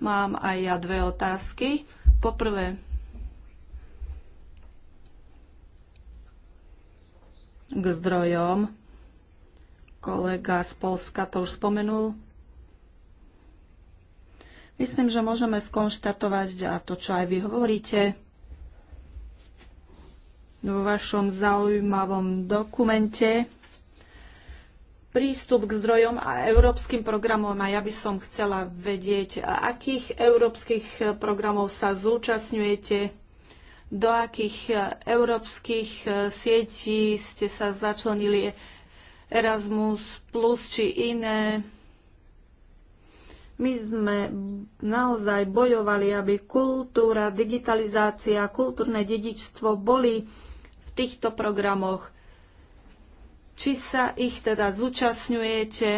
Mám aj ja dve otázky. Poprvé, k zdrojom. Kolega z Polska to už spomenul. Myslím, že môžeme skonštatovať, a to, čo aj vy hovoríte, vo vašom zaujímavom dokumente, prístup k zdrojom a európskym programom a ja by som chcela vedieť, akých európskych programov sa zúčastňujete do akých e, európskych e, sietí ste sa začlenili Erasmus plus či iné. My sme naozaj bojovali, aby kultúra, digitalizácia, kultúrne dedičstvo boli v týchto programoch. Či sa ich teda zúčastňujete?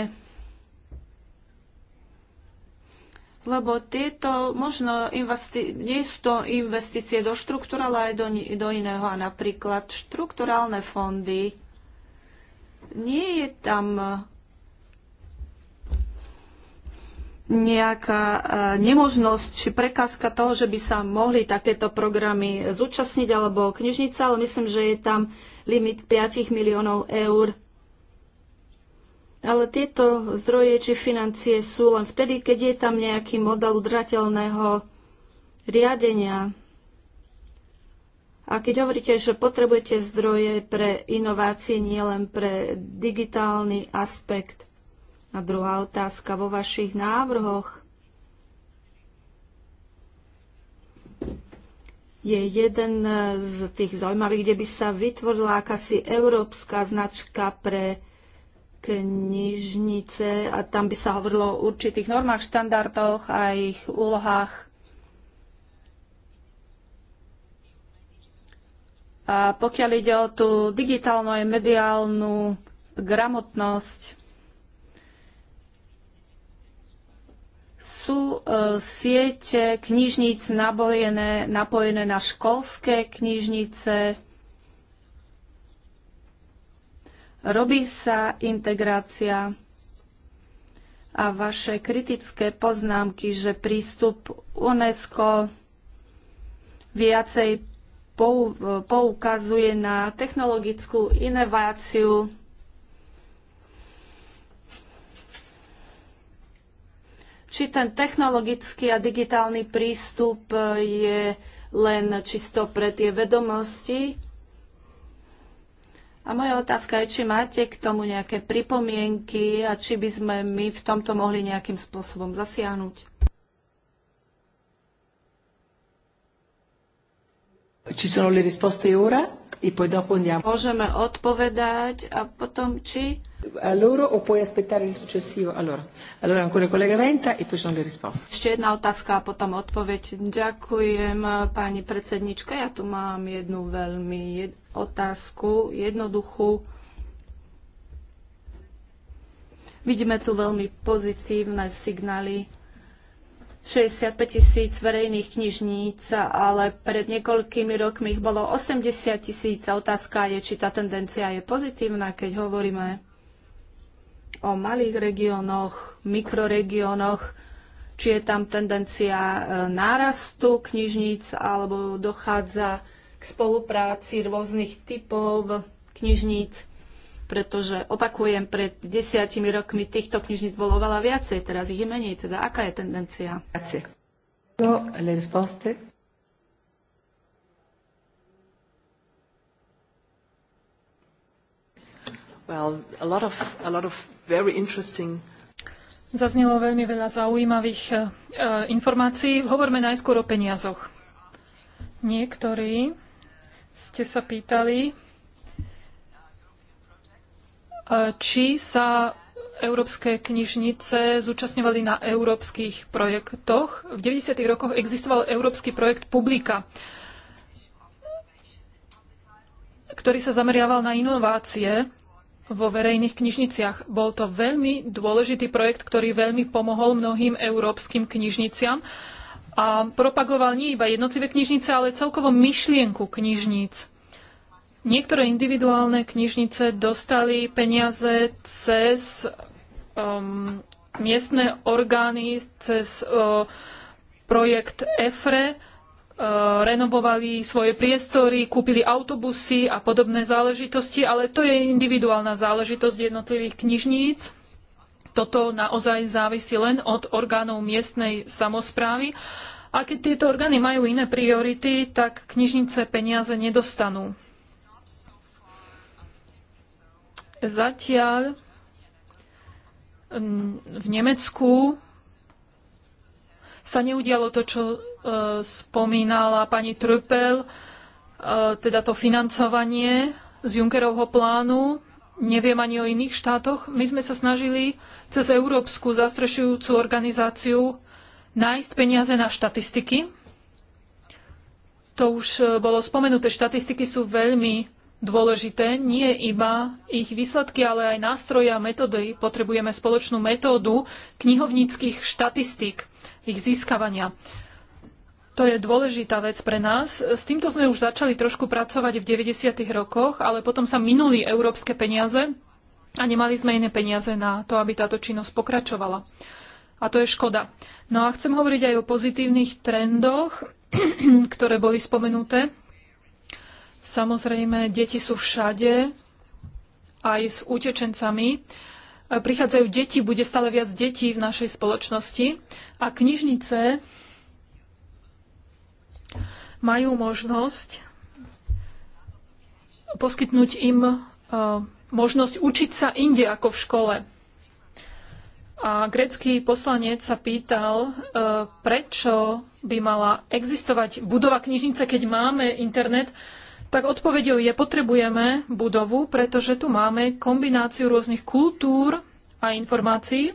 lebo tieto možno investi- nie sú to investície do štruktúra, ale aj do, do iného. A napríklad štrukturálne fondy, nie je tam eh, nejaká eh, nemožnosť či prekázka toho, že by sa mohli takéto programy zúčastniť alebo knižnica, ale myslím, že je tam limit 5 miliónov eur ale tieto zdroje či financie sú len vtedy, keď je tam nejaký model udržateľného riadenia. A keď hovoríte, že potrebujete zdroje pre inovácie, nielen pre digitálny aspekt. A druhá otázka vo vašich návrhoch. Je jeden z tých zaujímavých, kde by sa vytvorila akási európska značka pre knižnice a tam by sa hovorilo o určitých normách, štandardoch a ich úlohách. A pokiaľ ide o tú digitálnu a mediálnu gramotnosť, sú e, siete knižníc nabojené, napojené na školské knižnice, Robí sa integrácia a vaše kritické poznámky, že prístup UNESCO viacej poukazuje na technologickú inováciu. Či ten technologický a digitálny prístup eh, je len čisto pre tie vedomosti, a moja otázka je, či máte k tomu nejaké pripomienky a či by sme my v tomto mohli nejakým spôsobom zasiahnuť. Ci sono le risposte ora e poi dopo andiamo. Môžeme odpovedať a potom či? A loro o puoi aspettare il successivo? Allora, allora ancora il collega Venta e poi sono le risposte. Ešte jedna otázka a potom odpoveď. Ďakujem pani predsednička. Ja tu mám jednu veľmi otázku, jednoduchú. Vidíme tu veľmi pozitívne signály 65 tisíc verejných knižníc, ale pred niekoľkými rokmi ich bolo 80 tisíc. Otázka je, či tá tendencia je pozitívna, keď hovoríme o malých regiónoch, mikroregiónoch, či je tam tendencia e, nárastu knižníc alebo dochádza k spolupráci rôznych typov knižníc, pretože opakujem, pred desiatimi rokmi týchto knižníc bolo oveľa viacej, teraz ich je menej. Teda aká je tendencia? No, le risposte. Well, a lot of, a lot of very interesting Zaznelo veľmi veľa zaujímavých eh, informácií. Hovorme najskôr o peniazoch. Niektorí ste sa pýtali, či sa európske knižnice zúčastňovali na európskych projektoch. V 90. rokoch existoval európsky projekt Publika, ktorý sa zameriaval na inovácie vo verejných knižniciach. Bol to veľmi dôležitý projekt, ktorý veľmi pomohol mnohým európskym knižniciam a propagoval nie iba jednotlivé knižnice, ale celkovo myšlienku knižníc. Niektoré individuálne knižnice dostali peniaze cez um, miestne orgány, cez uh, projekt EFRE, uh, renovovali svoje priestory, kúpili autobusy a podobné záležitosti, ale to je individuálna záležitosť jednotlivých knižníc toto naozaj závisí len od orgánov miestnej samozprávy. A keď tieto orgány majú iné priority, tak knižnice peniaze nedostanú. Zatiaľ mm, v Nemecku sa neudialo to, čo e, spomínala pani Trüppel, e, teda to financovanie z Junckerovho plánu Neviem ani o iných štátoch. My sme sa snažili cez Európsku zastrešujúcu organizáciu nájsť peniaze na štatistiky. To už e, bolo spomenuté. Štatistiky sú veľmi dôležité. Nie iba ich výsledky, ale aj nástroje a metódy. Potrebujeme spoločnú metódu knihovníckých štatistík, ich získavania. To je dôležitá vec pre nás. S týmto sme už začali trošku pracovať v 90. rokoch, ale potom sa minuli európske peniaze a nemali sme iné peniaze na to, aby táto činnosť pokračovala. A to je škoda. No a chcem hovoriť aj o pozitívnych trendoch, ktoré boli spomenuté. Samozrejme, deti sú všade, aj s utečencami. Prichádzajú deti, bude stále viac detí v našej spoločnosti a knižnice majú možnosť poskytnúť im e, možnosť učiť sa inde ako v škole. A grecký poslanec sa pýtal, e, prečo by mala existovať budova knižnice, keď máme internet. Tak odpovedou je, potrebujeme budovu, pretože tu máme kombináciu rôznych kultúr a informácií.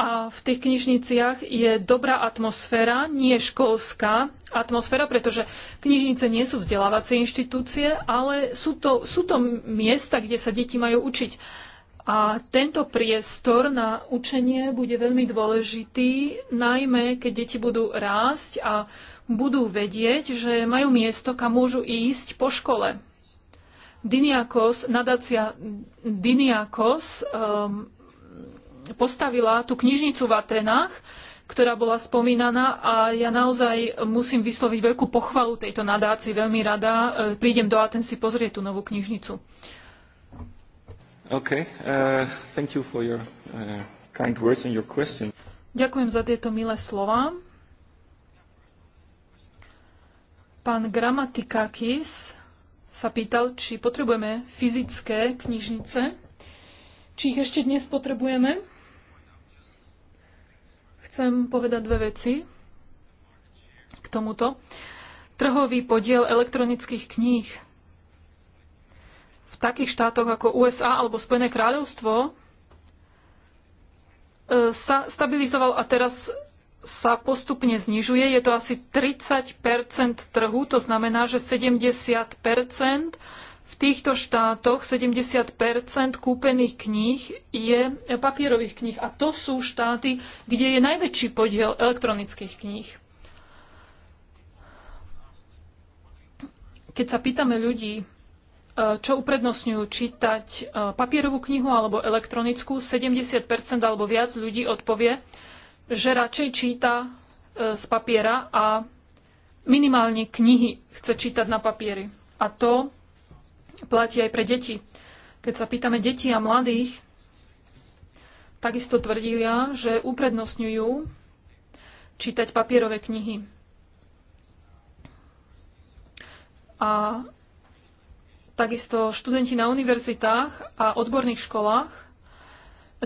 A v tých knižniciach je dobrá atmosféra, nie školská atmosféra, pretože knižnice nie sú vzdelávacie inštitúcie, ale sú to, sú to miesta, kde sa deti majú učiť. A tento priestor na učenie bude veľmi dôležitý, najmä keď deti budú rásť a budú vedieť, že majú miesto, kam môžu ísť po škole. Diniakos, nadácia Diniakos um, postavila tú knižnicu v Atenách, ktorá bola spomínaná a ja naozaj musím vysloviť veľkú pochvalu tejto nadácii. Veľmi rada e, prídem do Aten si pozrieť tú novú knižnicu. Okay. Uh, thank you for your uh, kind words and your question. Ďakujem za tieto milé slova. Pán Gramatikakis sa pýtal, či potrebujeme fyzické knižnice. Či ich ešte dnes potrebujeme? Chcem povedať dve veci k tomuto. Trhový podiel elektronických kníh v takých štátoch ako USA alebo Spojené kráľovstvo e, sa stabilizoval a teraz sa postupne znižuje. Je to asi 30 trhu, to znamená, že 70 v týchto štátoch 70 kúpených kníh je papierových kníh a to sú štáty, kde je najväčší podiel elektronických kníh. Keď sa pýtame ľudí, e, čo uprednostňujú čítať e, papierovú knihu alebo elektronickú, 70 alebo viac ľudí odpovie, že radšej číta e, z papiera a minimálne knihy chce čítať na papieri. A to platí aj pre deti. Keď sa pýtame detí a mladých, takisto tvrdia, že uprednostňujú čítať papierové knihy. A takisto študenti na univerzitách a odborných školách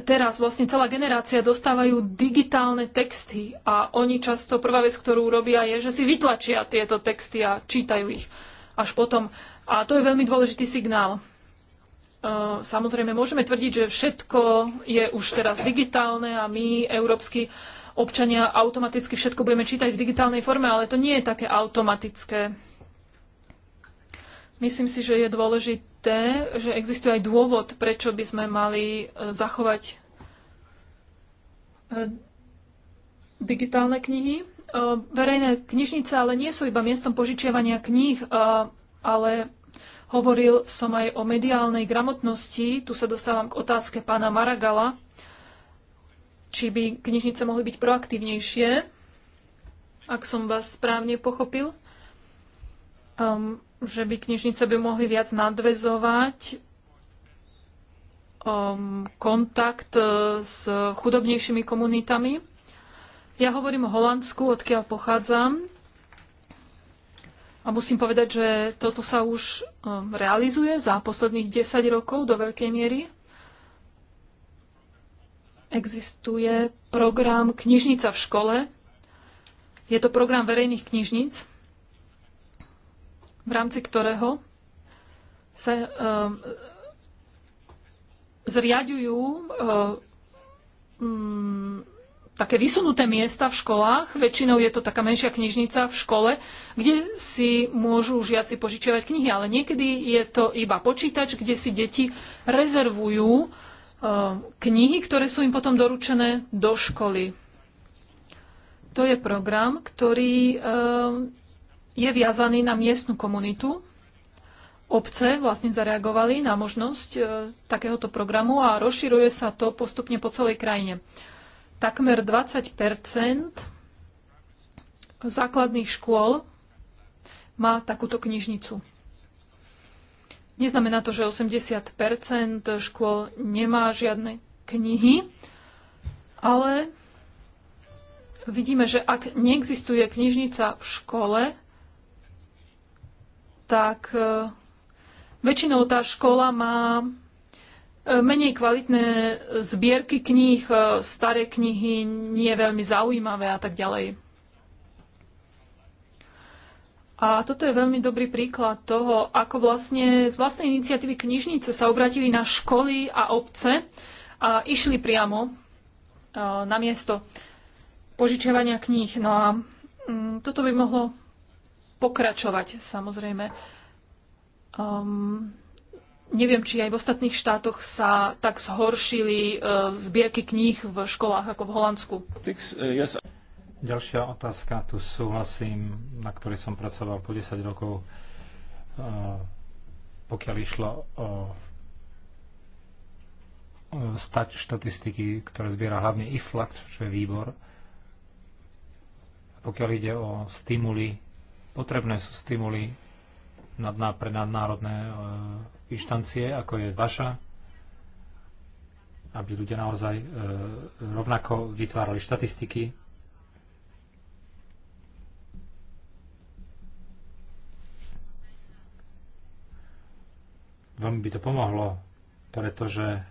teraz vlastne celá generácia dostávajú digitálne texty a oni často prvá vec, ktorú robia, je, že si vytlačia tieto texty a čítajú ich. Až potom a to je veľmi dôležitý signál. E, samozrejme, môžeme tvrdiť, že všetko je už teraz digitálne a my, európsky občania automaticky všetko budeme čítať v digitálnej forme, ale to nie je také automatické. Myslím si, že je dôležité, že existuje aj dôvod, prečo by sme mali e, zachovať e, digitálne knihy. Verejné knižnice ale nie sú iba miestom požičiavania kníh, ale Hovoril som aj o mediálnej gramotnosti. Tu sa dostávam k otázke pána Maragala, či by knižnice mohli byť proaktívnejšie, ak som vás správne pochopil, um, že by knižnice by mohli viac nadvezovať um, kontakt uh, s chudobnejšími komunitami. Ja hovorím o Holandsku, odkiaľ pochádzam. A musím povedať, že toto sa už um, realizuje za posledných 10 rokov do veľkej miery. Existuje program Knižnica v škole. Je to program verejných knižnic, v rámci ktorého sa um, zriadujú uh, um, také vysunuté miesta v školách, väčšinou je to taká menšia knižnica v škole, kde si môžu žiaci požičiavať knihy, ale niekedy je to iba počítač, kde si deti rezervujú e, knihy, ktoré sú im potom doručené do školy. To je program, ktorý e, je viazaný na miestnu komunitu. Obce vlastne zareagovali na možnosť e, takéhoto programu a rozširuje sa to postupne po celej krajine takmer 20 základných škôl má takúto knižnicu. Neznamená to, že 80 škôl nemá žiadne knihy, ale vidíme, že ak neexistuje knižnica v škole, tak eh, väčšinou tá škola má E, menej kvalitné zbierky kníh, e, staré knihy nie veľmi zaujímavé a tak ďalej. A toto je veľmi dobrý príklad toho, ako vlastne z vlastnej iniciatívy knižnice sa obratili na školy a obce a išli priamo e, na miesto požičiavania kníh. No a mm, toto by mohlo pokračovať, samozrejme. Um, Neviem, či aj v ostatných štátoch sa tak zhoršili e, zbierky kníh v školách ako v Holandsku. E, Ďalšia otázka, tu súhlasím, na ktorej som pracoval po 10 rokov, e, pokiaľ išlo o stať štatistiky, ktoré zbiera hlavne IFLAC, čo je výbor. Pokiaľ ide o stimuly, potrebné sú stimuly pre nadnárodné inštancie, ako je vaša, aby ľudia naozaj e, rovnako vytvárali štatistiky. Veľmi by to pomohlo, pretože e,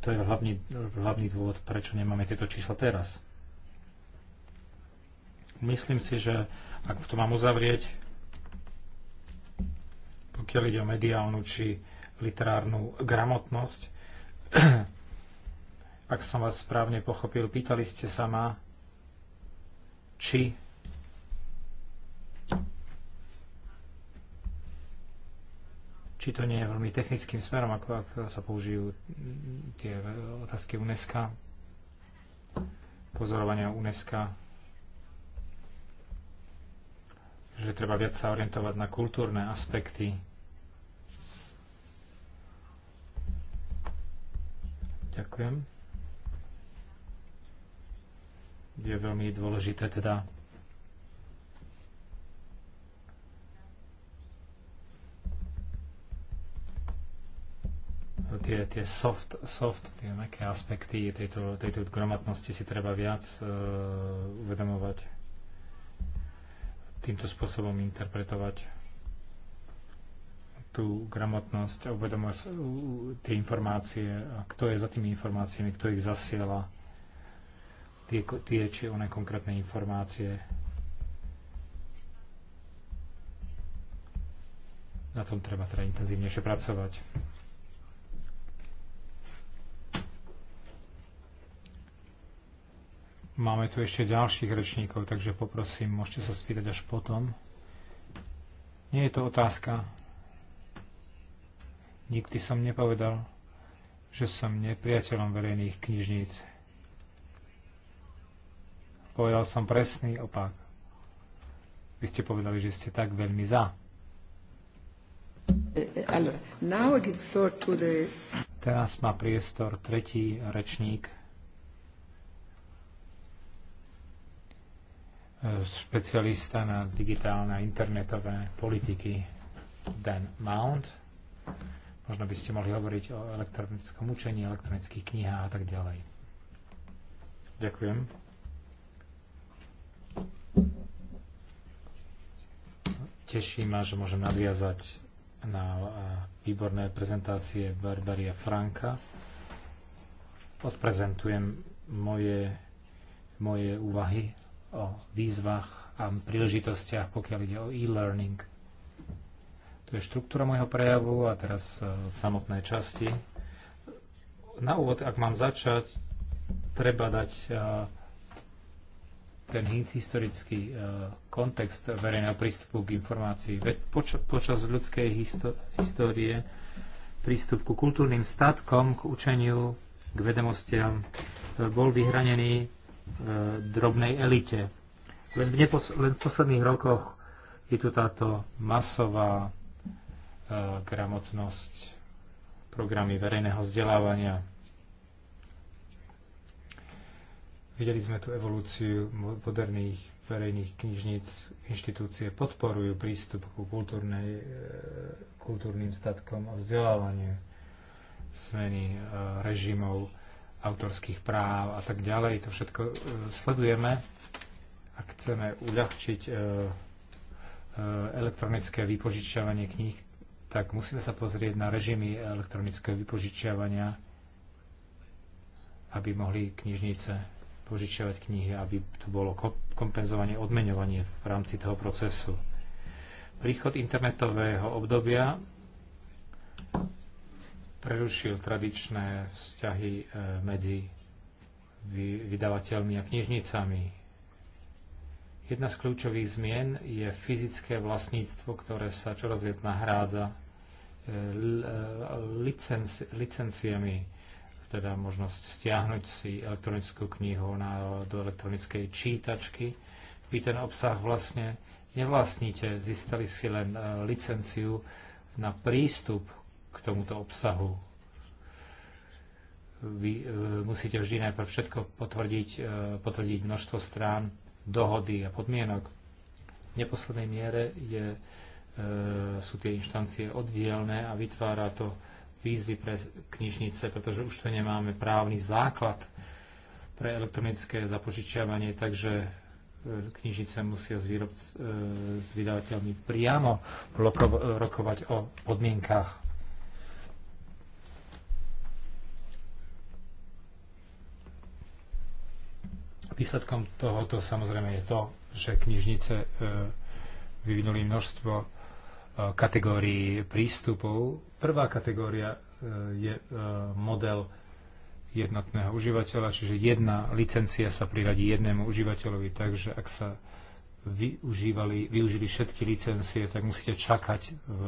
to je hlavný, hlavný dôvod, prečo nemáme tieto čísla teraz. Myslím si, že ak to mám uzavrieť, pokiaľ ide o mediálnu či literárnu gramotnosť. Ak som vás správne pochopil, pýtali ste sa ma, či či to nie je veľmi technickým smerom, ako, ako sa použijú tie otázky UNESCO, pozorovania UNESCO, že treba viac sa orientovať na kultúrne aspekty Ďakujem. Je veľmi dôležité teda tie, tie soft, soft, tie meké aspekty tejto, tejto gromadnosti si treba viac uh, uvedomovať, týmto spôsobom interpretovať tú gramotnosť, uvedomuje tie informácie, a kto je za tými informáciami, kto ich zasiela, tie, tie či one konkrétne informácie. Na tom treba teda intenzívnejšie pracovať. Máme tu ešte ďalších rečníkov, takže poprosím, môžete sa spýtať až potom. Nie je to otázka, Nikdy som nepovedal, že som nepriateľom verejných knižníc. Povedal som presný opak. Vy ste povedali, že ste tak veľmi za. E, e, Teraz má priestor tretí rečník, špecialista e, na digitálne a internetové politiky Dan Mount Možno by ste mohli hovoriť o elektronickom učení, elektronických knihách a tak ďalej. Ďakujem. Teší ma, že môžem nadviazať na výborné prezentácie Barbaria Franka. Odprezentujem moje, moje úvahy o výzvach a príležitostiach, pokiaľ ide o e-learning to je štruktúra môjho prejavu a teraz e, samotné časti. Na úvod, ak mám začať, treba dať e, ten historický e, kontext verejného prístupu k informácii. Veď počas ľudskej histórie prístup ku kultúrnym statkom, k učeniu, k vedomostiam bol vyhranený drobnej elite. Len len v posledných rokoch je tu táto masová gramotnosť, programy verejného vzdelávania. Videli sme tu evolúciu moderných verejných knižníc. Inštitúcie podporujú prístup ku kultúrnej, e, kultúrnym statkom a vzdelávaniu zmeny e, režimov autorských práv a tak ďalej. To všetko e, sledujeme a chceme uľahčiť elektronické vypožičiavanie kníh, tak musíme sa pozrieť na režimy elektronického vypožičiavania, aby mohli knižnice požičiavať knihy, aby tu bolo kompenzovanie, odmeňovanie v rámci toho procesu. Príchod internetového obdobia prerušil tradičné vzťahy eh, medzi vydavateľmi a knižnicami. Jedna z kľúčových zmien je fyzické vlastníctvo, ktoré sa čoraz viac nahrádza e, e, licenciami, teda možnosť stiahnuť si elektronickú knihu na, do elektronickej čítačky. Vy ten obsah vlastne nevlastníte, získali si len e, licenciu na prístup k tomuto obsahu. Vy musíte vždy najprv všetko potvrdiť, potvrdiť množstvo strán dohody a podmienok. V neposlednej miere je, e, sú tie inštancie oddielne a vytvára to výzvy pre knižnice, pretože už tu nemáme právny základ pre elektronické zapožičiavanie, takže e, knižnice musia s, výrobc, e, s vydavateľmi priamo rokovať o podmienkách výsledkom tohoto samozrejme je to, že knižnice e, vyvinuli množstvo e, kategórií prístupov. Prvá kategória e, je model jednotného užívateľa, čiže jedna licencia sa priradí jednému užívateľovi, takže ak sa využívali, využili všetky licencie, tak musíte čakať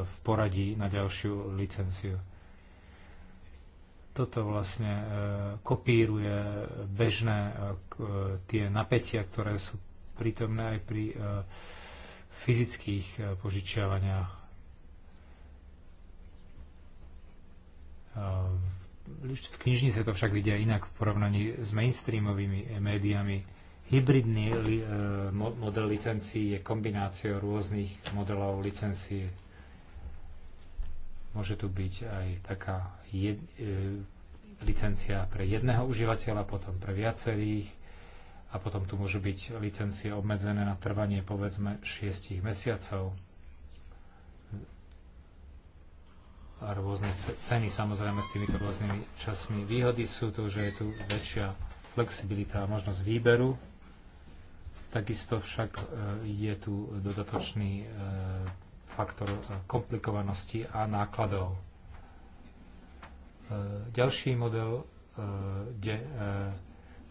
v poradí na ďalšiu licenciu. Toto vlastne e, kopíruje bežné e, e, tie napätia, ktoré sú prítomné aj pri fyzických požičiavaniach. V sa to však vidia inak v porovnaní s mainstreamovými médiami. Hybridný model licencií je kombináciou rôznych modelov licencií Môže tu byť aj taká jed, e, licencia pre jedného užívateľa, potom pre viacerých a potom tu môžu byť licencie obmedzené na trvanie povedzme 6 mesiacov. A rôzne ceny samozrejme s týmito rôznymi časmi. Výhody sú to že je tu väčšia flexibilita a možnosť výberu. Takisto však e, je tu dodatočný e, faktor eh, komplikovanosti a nákladov. Eh, ďalší model, eh, kde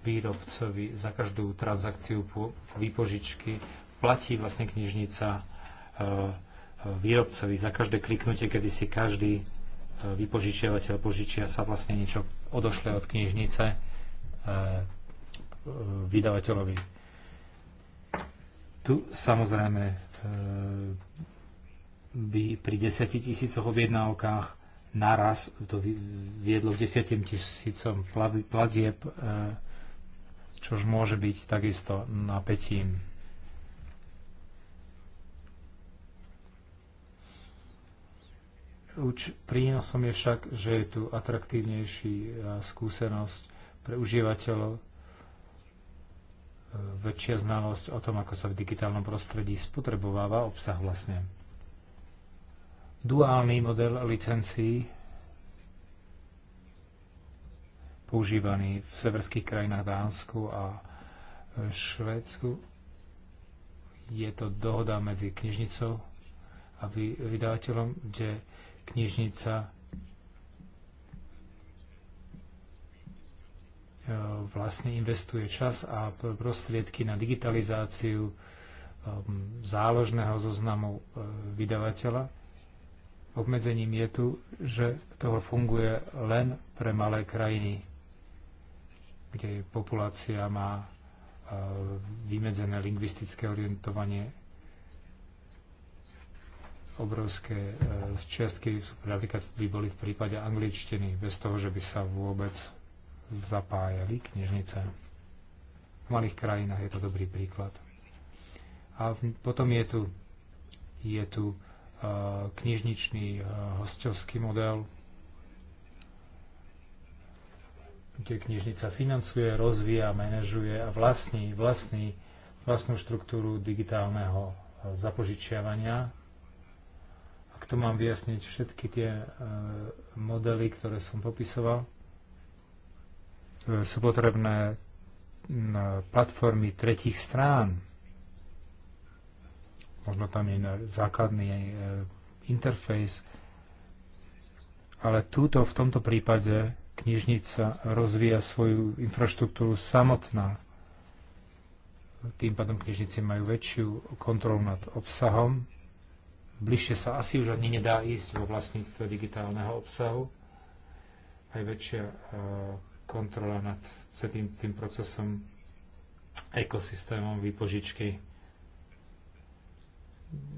výrobcovi za každú transakciu výpožičky platí vlastne knižnica výrobcovi za každé kliknutie, kedy si každý vypožičiavateľ požičia sa vlastne niečo odošle od knižnice vydavateľovi. Tu samozrejme by pri 10 tisícoch objednávkach naraz to viedlo k 10 tisícom platieb, e, čož môže byť takisto napätím. Uč, prínosom je však, že je tu atraktívnejší e, skúsenosť pre užívateľov, e, väčšia znalosť o tom, ako sa v digitálnom prostredí spotrebováva obsah vlastne duálny model licencií používaný v severských krajinách Dánsku a Švédsku. Je to dohoda medzi knižnicou a vydavateľom, kde knižnica e, vlastne investuje čas a prostriedky na digitalizáciu e, záložného zoznamu e, vydavateľa Obmedzením je tu, že toho funguje len pre malé krajiny, kde populácia má e, vymedzené lingvistické orientovanie. Obrovské e, čiastky napríklad by boli v prípade angličtiny, bez toho, že by sa vôbec zapájali knižnice. V malých krajinách je to dobrý príklad. A potom je tu, je tu knižničný hostovský model, kde knižnica financuje, rozvíja, manažuje a vlastní vlastní vlastnú štruktúru digitálneho zapožičiavania. k to mám vyjasniť všetky tie e, modely, ktoré som popisoval, e, sú potrebné platformy tretich strán, možno tam je základný e, interfejs, ale túto, v tomto prípade knižnica rozvíja svoju infraštruktúru samotná. Tým pádom knižnice majú väčšiu kontrolu nad obsahom. Bližšie sa asi už ani nedá ísť vo vlastníctve digitálneho obsahu. Aj väčšia e, kontrola nad celým tým procesom ekosystémom výpožičky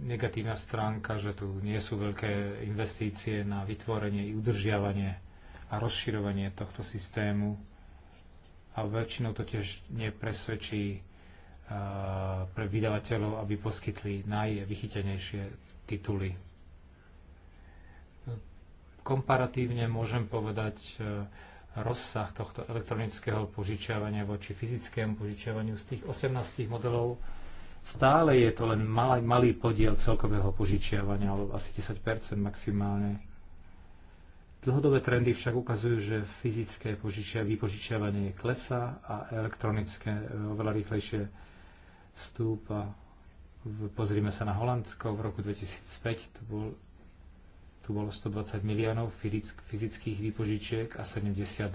negatívna stránka, že tu nie sú veľké investície na vytvorenie i udržiavanie a rozširovanie tohto systému a väčšinou to tiež nepresvedčí eh, pre vydavateľov, aby poskytli najvychytenejšie tituly. Komparatívne môžem povedať eh, rozsah tohto elektronického požičiavania voči fyzickému požičiavaniu z tých 18 modelov Stále je to len malý, malý podiel celkového požičiavania, alebo asi 10 maximálne. Dlhodobé trendy však ukazujú, že fyzické požičia, vypožičiavanie klesá a elektronické oveľa rýchlejšie vstúpa. Pozrime sa na Holandsko. V roku 2005 tu, bol, tu bolo 120 miliónov fyzických vypožičiek a 72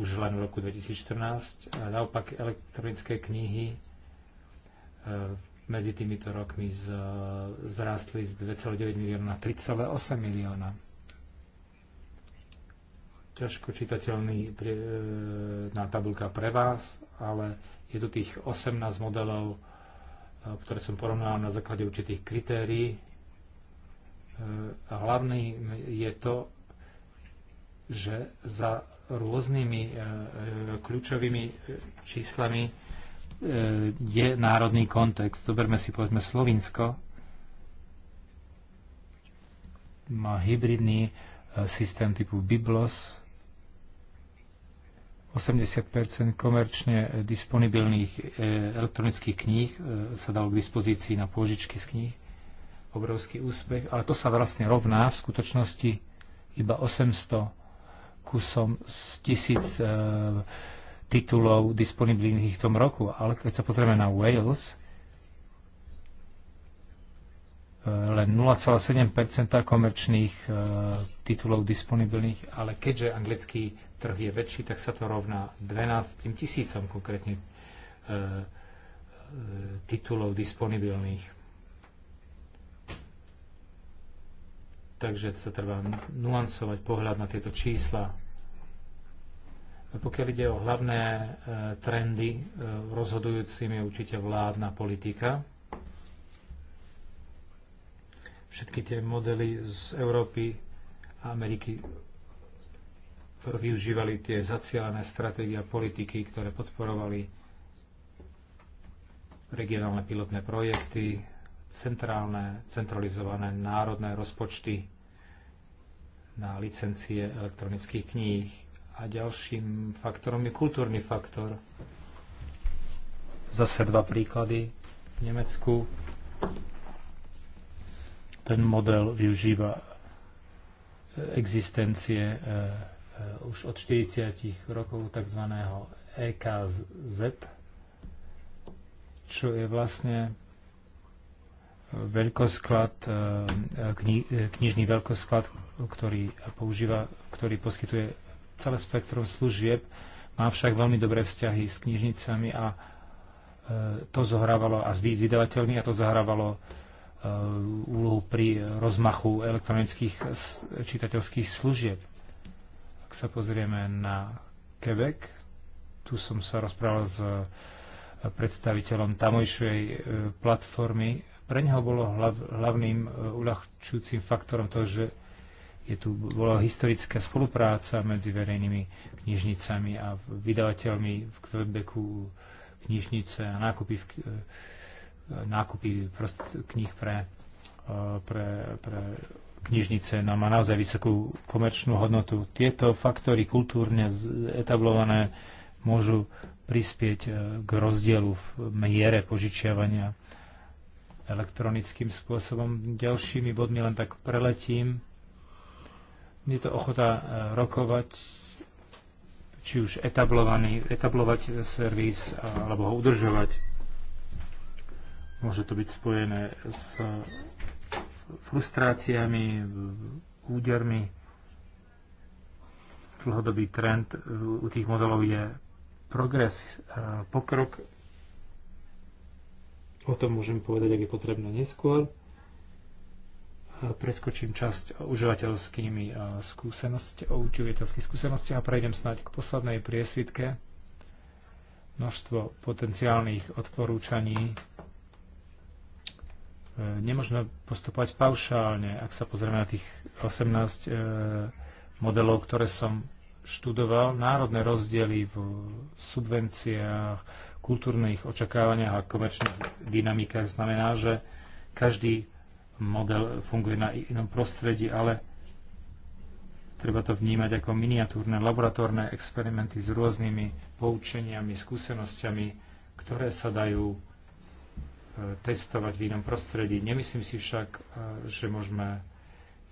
už len v roku 2014. A naopak elektronické knihy E, medzi týmito rokmi z, zrástli z 2,9 milióna na 3,8 milióna. Ťažko čitateľný pre, e, na tabulka pre vás, ale je tu tých 18 modelov, e, ktoré som porovnal na základe určitých kritérií. Hlavný je to, že za rôznymi kľúčovými číslami E, je národný kontext. Zoberme si povedzme Slovinsko. Má hybridný e, systém typu Biblos. 80 komerčne disponibilných e, elektronických kníh sa dalo k dispozícii na pôžičky z kníh. Obrovský úspech, ale to sa vlastne rovná v skutočnosti iba 800 kusom z tisíc titulov disponibilných v tom roku. Ale keď sa pozrieme na Wales, eh, len 0,7 komerčných eh, titulov disponibilných, ale keďže anglický trh je väčší, tak sa to rovná 12 tisícom konkrétne eh, titulov disponibilných. Takže sa treba nuancovať pohľad na tieto čísla. Pokiaľ ide o hlavné e, trendy, e, rozhodujúcimi je určite vládna politika. Všetky tie modely z Európy a Ameriky využívali tie zacielené stratégie a politiky, ktoré podporovali regionálne pilotné projekty, centrálne, centralizované národné rozpočty na licencie elektronických kníh, a ďalším faktorom je kultúrny faktor. Zase dva príklady. V Nemecku ten model využíva existencie e, e, už od 40 rokov tzv. EKZ, čo je vlastne veľkosklad, e, kni, knižný veľkosklad, ktorý používa, ktorý poskytuje celé spektrum služieb, má však veľmi dobré vzťahy s knižnicami a e, to zohrávalo a s vydavateľmi a to zohrávalo e, úlohu pri rozmachu elektronických čitateľských služieb. Ak sa pozrieme na Quebec, tu som sa rozprával s e, predstaviteľom tamojšej platformy. Pre neho bolo hlavným uľahčujúcim faktorom to, že je tu bola historická spolupráca medzi verejnými knižnicami a vydavateľmi v Quebecu knižnice a nákupy, v, e, nákupy prost, kníh pre, e, pre, pre knižnice no, má naozaj vysokú komerčnú hodnotu. Tieto faktory kultúrne etablované môžu prispieť e, k rozdielu v miere požičiavania elektronickým spôsobom. Ďalšími bodmi len tak preletím je to ochota e, rokovať, či už etablovaný, etablovať servis alebo ho udržovať. Môže to byť spojené s frustráciami, údermi. Dlhodobý trend e, u tých modelov je progres, e, pokrok. O tom môžem povedať, ak je potrebné neskôr preskočím časť užívateľskými skúsenosti, o skúsenosti a prejdem snáď k poslednej priesvitke. Množstvo potenciálnych odporúčaní. E, Nemôžeme postupovať paušálne, ak sa pozrieme na tých 18 e, modelov, ktoré som študoval. Národné rozdiely v subvenciách, kultúrnych očakávaniach a komerčných dynamikách znamená, že každý model funguje na inom prostredí, ale treba to vnímať ako miniatúrne laboratórne experimenty s rôznymi poučeniami, skúsenosťami, ktoré sa dajú e, testovať v inom prostredí. Nemyslím si však, e, že môžeme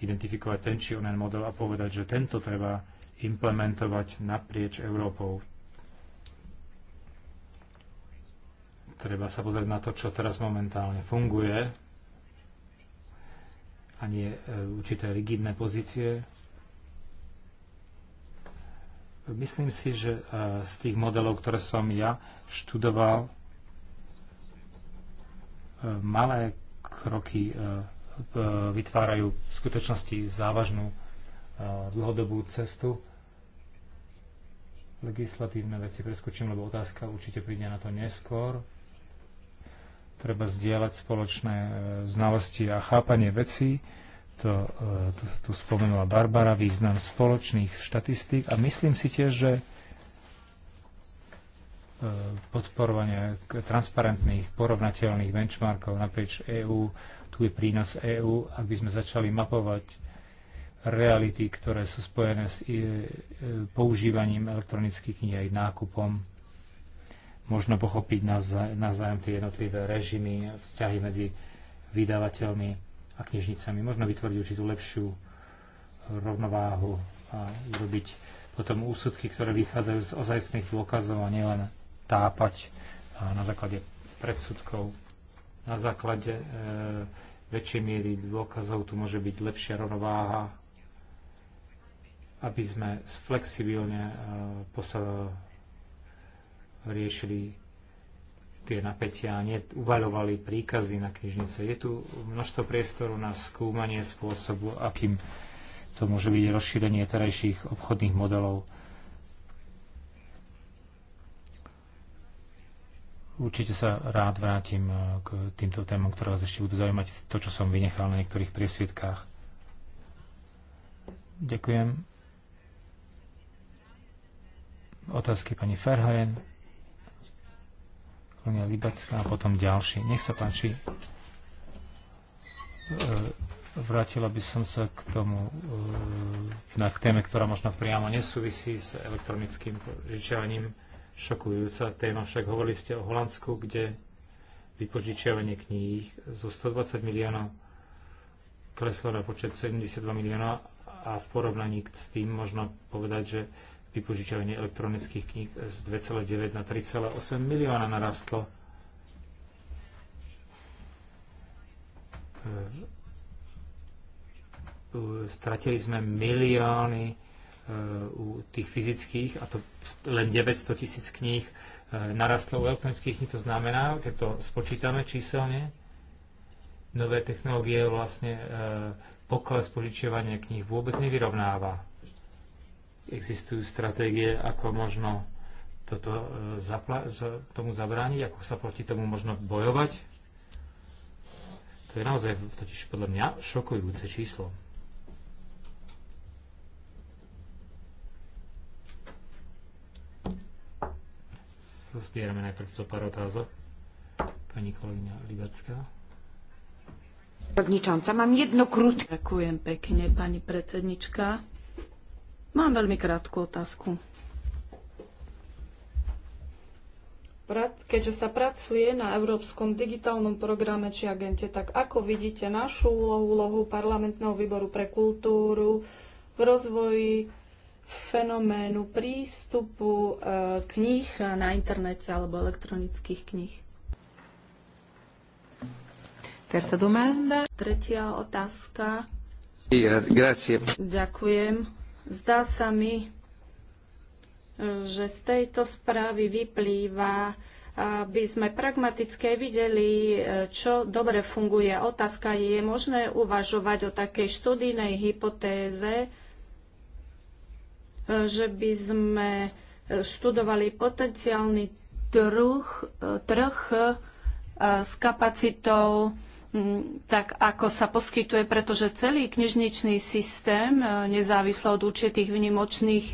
identifikovať ten či onen model a povedať, že tento treba implementovať naprieč Európou. Treba sa pozrieť na to, čo teraz momentálne funguje a nie e, určité rigidné pozície. Myslím si, že e, z tých modelov, ktoré som ja študoval, e, malé kroky vytvárajú v skutočnosti závažnú dlhodobú cestu. Legislatívne veci preskočím, lebo otázka určite príde na to neskôr. Treba zdieľať spoločné e, znalosti a chápanie vecí. To e, tu, tu spomenula Barbara, význam spoločných štatistík. A myslím si tiež, že e, podporovanie transparentných, porovnateľných benchmarkov naprieč EÚ, tu je prínos EÚ, ak by sme začali mapovať reality, ktoré sú spojené s používaním elektronických kníh aj nákupom možno pochopiť navzájom tie jednotlivé režimy, vzťahy medzi vydavateľmi a knižnicami. Možno vytvoriť určitú lepšiu rovnováhu a urobiť potom úsudky, ktoré vychádzajú z ozajstných dôkazov a nielen tápať na základe predsudkov. Na základe e, väčšej miery dôkazov tu môže byť lepšia rovnováha, aby sme flexibilne e, riešili tie napätia a uvaľovali príkazy na knižnice. Je tu množstvo priestoru na skúmanie spôsobu, akým to môže byť rozšírenie terajších obchodných modelov. Určite sa rád vrátim eh, k týmto témom, ktoré vás ešte budú zaujímať, to, čo som vynechal na niektorých priesvietkách. Ďakujem. Otázky pani Ferhajen. Kolegyňa Libacká a potom ďalší. Nech sa páči. E, vrátila by som sa k tomu, e, na k téme, ktorá možno priamo nesúvisí s elektronickým požičiavaním. Šokujúca téma, však hovorili ste o Holandsku, kde vypožičiavanie kníh zo 120 miliónov kleslo na počet 72 miliónov a v porovnaní s tým možno povedať, že vypožičovanie elektronických kníh z 2,9 na 3,8 milióna narastlo. E, stratili sme milióny e, u tých fyzických, a to len 900 tisíc kníh e, narastlo u elektronických kníh. To znamená, keď to spočítame číselne, nové technológie vlastne pokles požičiavania kníh vôbec nevyrovnáva. Existujú stratégie, ako možno toto, e, zapla- z- tomu zabrániť, ako sa proti tomu možno bojovať. To je naozaj totiž podľa mňa šokujúce číslo. Zbierame najprv to pár otázok. Pani kolegyňa Libacká. Predsedničanca, mám jedno krutké. Ďakujem pekne, pani predsednička. Mám veľmi krátku otázku. Keďže sa pracuje na Európskom digitálnom programe či agente, tak ako vidíte našu úlohu, úlohu parlamentného výboru pre kultúru v rozvoji fenoménu prístupu e, kníh na internete alebo elektronických kníh? Tretia otázka. Grazie. Ďakujem. Zdá sa mi, že z tejto správy vyplýva, aby sme pragmaticky videli, čo dobre funguje. Otázka je, je možné uvažovať o takej študijnej hypotéze, že by sme študovali potenciálny trh, trh eh, s kapacitou Mm, tak ako sa poskytuje, pretože celý knižničný systém, e, nezávisle od určitých vynimočných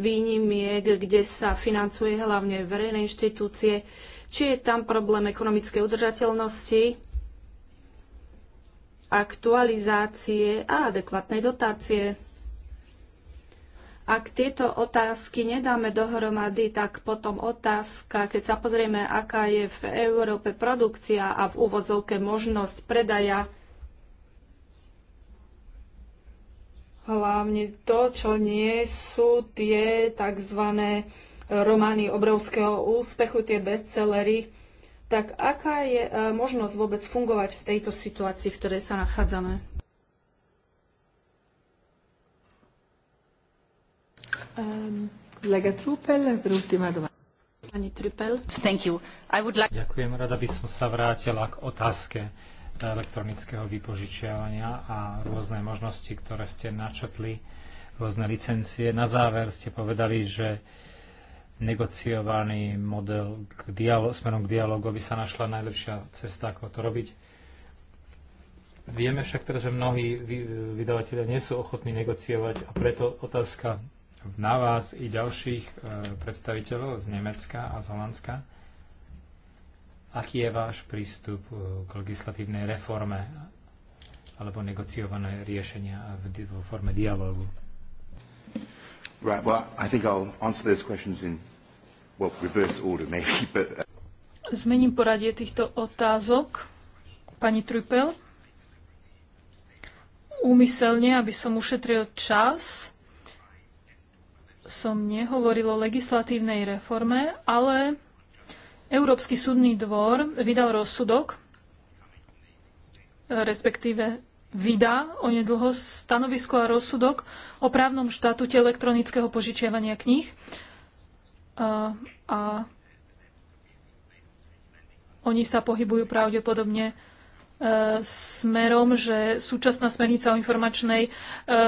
výnimiek, kde sa financuje hlavne verejné inštitúcie, či je tam problém ekonomickej udržateľnosti, aktualizácie a adekvátnej dotácie. Ak tieto otázky nedáme dohromady, tak potom otázka, keď sa pozrieme, aká je v Európe produkcia a v úvodzovke možnosť predaja, hlavne to, čo nie sú tie tzv. romány obrovského úspechu, tie bestsellery, tak aká je e, možnosť vôbec fungovať v tejto situácii, v ktorej sa nachádzame? Ehm, kolega Trupel, Pani Trupel. Thank you. I would like... Ďakujem, rada by som sa vrátila k otázke eh, elektronického vypožičiavania a rôzne možnosti, ktoré ste načetli, rôzne licencie. Na záver ste povedali, že negociovaný model k dialo- smerom k dialogu by sa našla najlepšia cesta, ako to robiť. Vieme však teraz, že mnohí vydavatelia nie sú ochotní negociovať a preto otázka na vás i ďalších e, predstaviteľov z Nemecka a z Holandska. Aký je váš prístup e, k legislatívnej reforme alebo negociované riešenia vo forme dialógu? Right, well, I think I'll answer those questions in well, reverse order maybe, but... Uh, Zmením poradie týchto otázok. Pani Trupel, úmyselne, aby som ušetril čas, som nehovoril o legislatívnej reforme, ale Európsky súdny dvor vydal rozsudok, respektíve vydá onedlho stanovisko a rozsudok o právnom štatúte elektronického požičiavania kníh. A, a oni sa pohybujú pravdepodobne smerom, že súčasná smernica o informačnej e,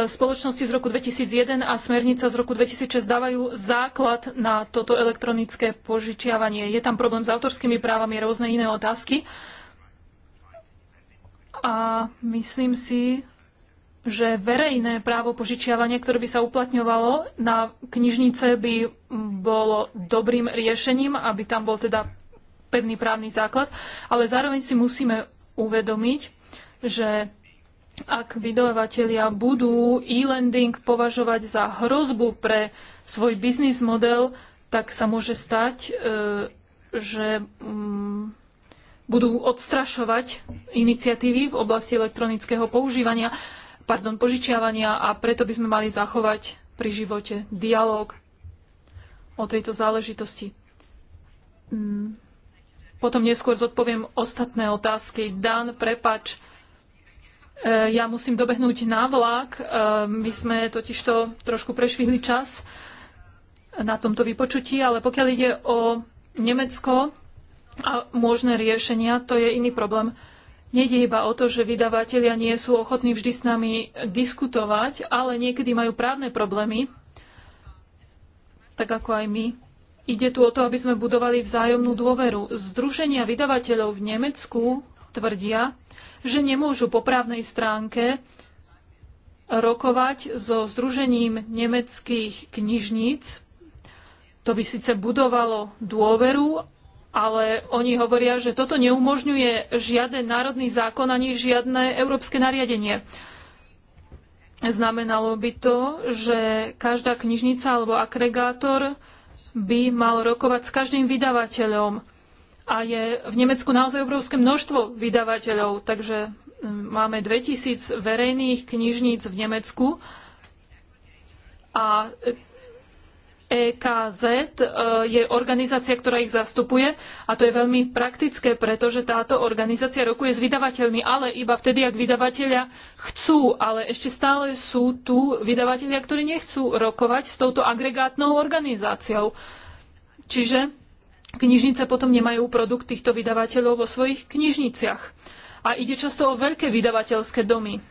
spoločnosti z roku 2001 a smernica z roku 2006 dávajú základ na toto elektronické požičiavanie. Je tam problém s autorskými právami, rôzne iné otázky. A myslím si, že verejné právo požičiavania, ktoré by sa uplatňovalo na knižnice, by bolo dobrým riešením, aby tam bol teda pevný právny základ, ale zároveň si musíme uvedomiť, že ak vydavatelia budú e-lending považovať za hrozbu pre svoj biznis model, tak sa môže stať, e, že mm, budú odstrašovať iniciatívy v oblasti elektronického používania, pardon, požičiavania a preto by sme mali zachovať pri živote dialog o tejto záležitosti mm. Potom neskôr zodpoviem ostatné otázky. Dan, prepač, e, ja musím dobehnúť na vlak. E, my sme totižto trošku prešvihli čas na tomto vypočutí, ale pokiaľ ide o Nemecko a možné riešenia, to je iný problém. Nejde iba o to, že vydavatelia nie sú ochotní vždy s nami diskutovať, ale niekedy majú právne problémy, tak ako aj my. Ide tu o to, aby sme budovali vzájomnú dôveru. Združenia vydavateľov v Nemecku tvrdia, že nemôžu po právnej stránke rokovať so Združením nemeckých knižníc. To by síce budovalo dôveru, ale oni hovoria, že toto neumožňuje žiaden národný zákon ani žiadne európske nariadenie. Znamenalo by to, že každá knižnica alebo agregátor by mal rokovať s každým vydavateľom. A je v Nemecku naozaj obrovské množstvo vydavateľov, takže hm, máme 2000 verejných knižníc v Nemecku a EKZ e, je organizácia, ktorá ich zastupuje a to je veľmi praktické, pretože táto organizácia rokuje s vydavateľmi, ale iba vtedy, ak vydavatelia chcú, ale ešte stále sú tu vydavatelia, ktorí nechcú rokovať s touto agregátnou organizáciou. Čiže knižnice potom nemajú produkt týchto vydavateľov vo svojich knižniciach. A ide často o veľké vydavateľské domy.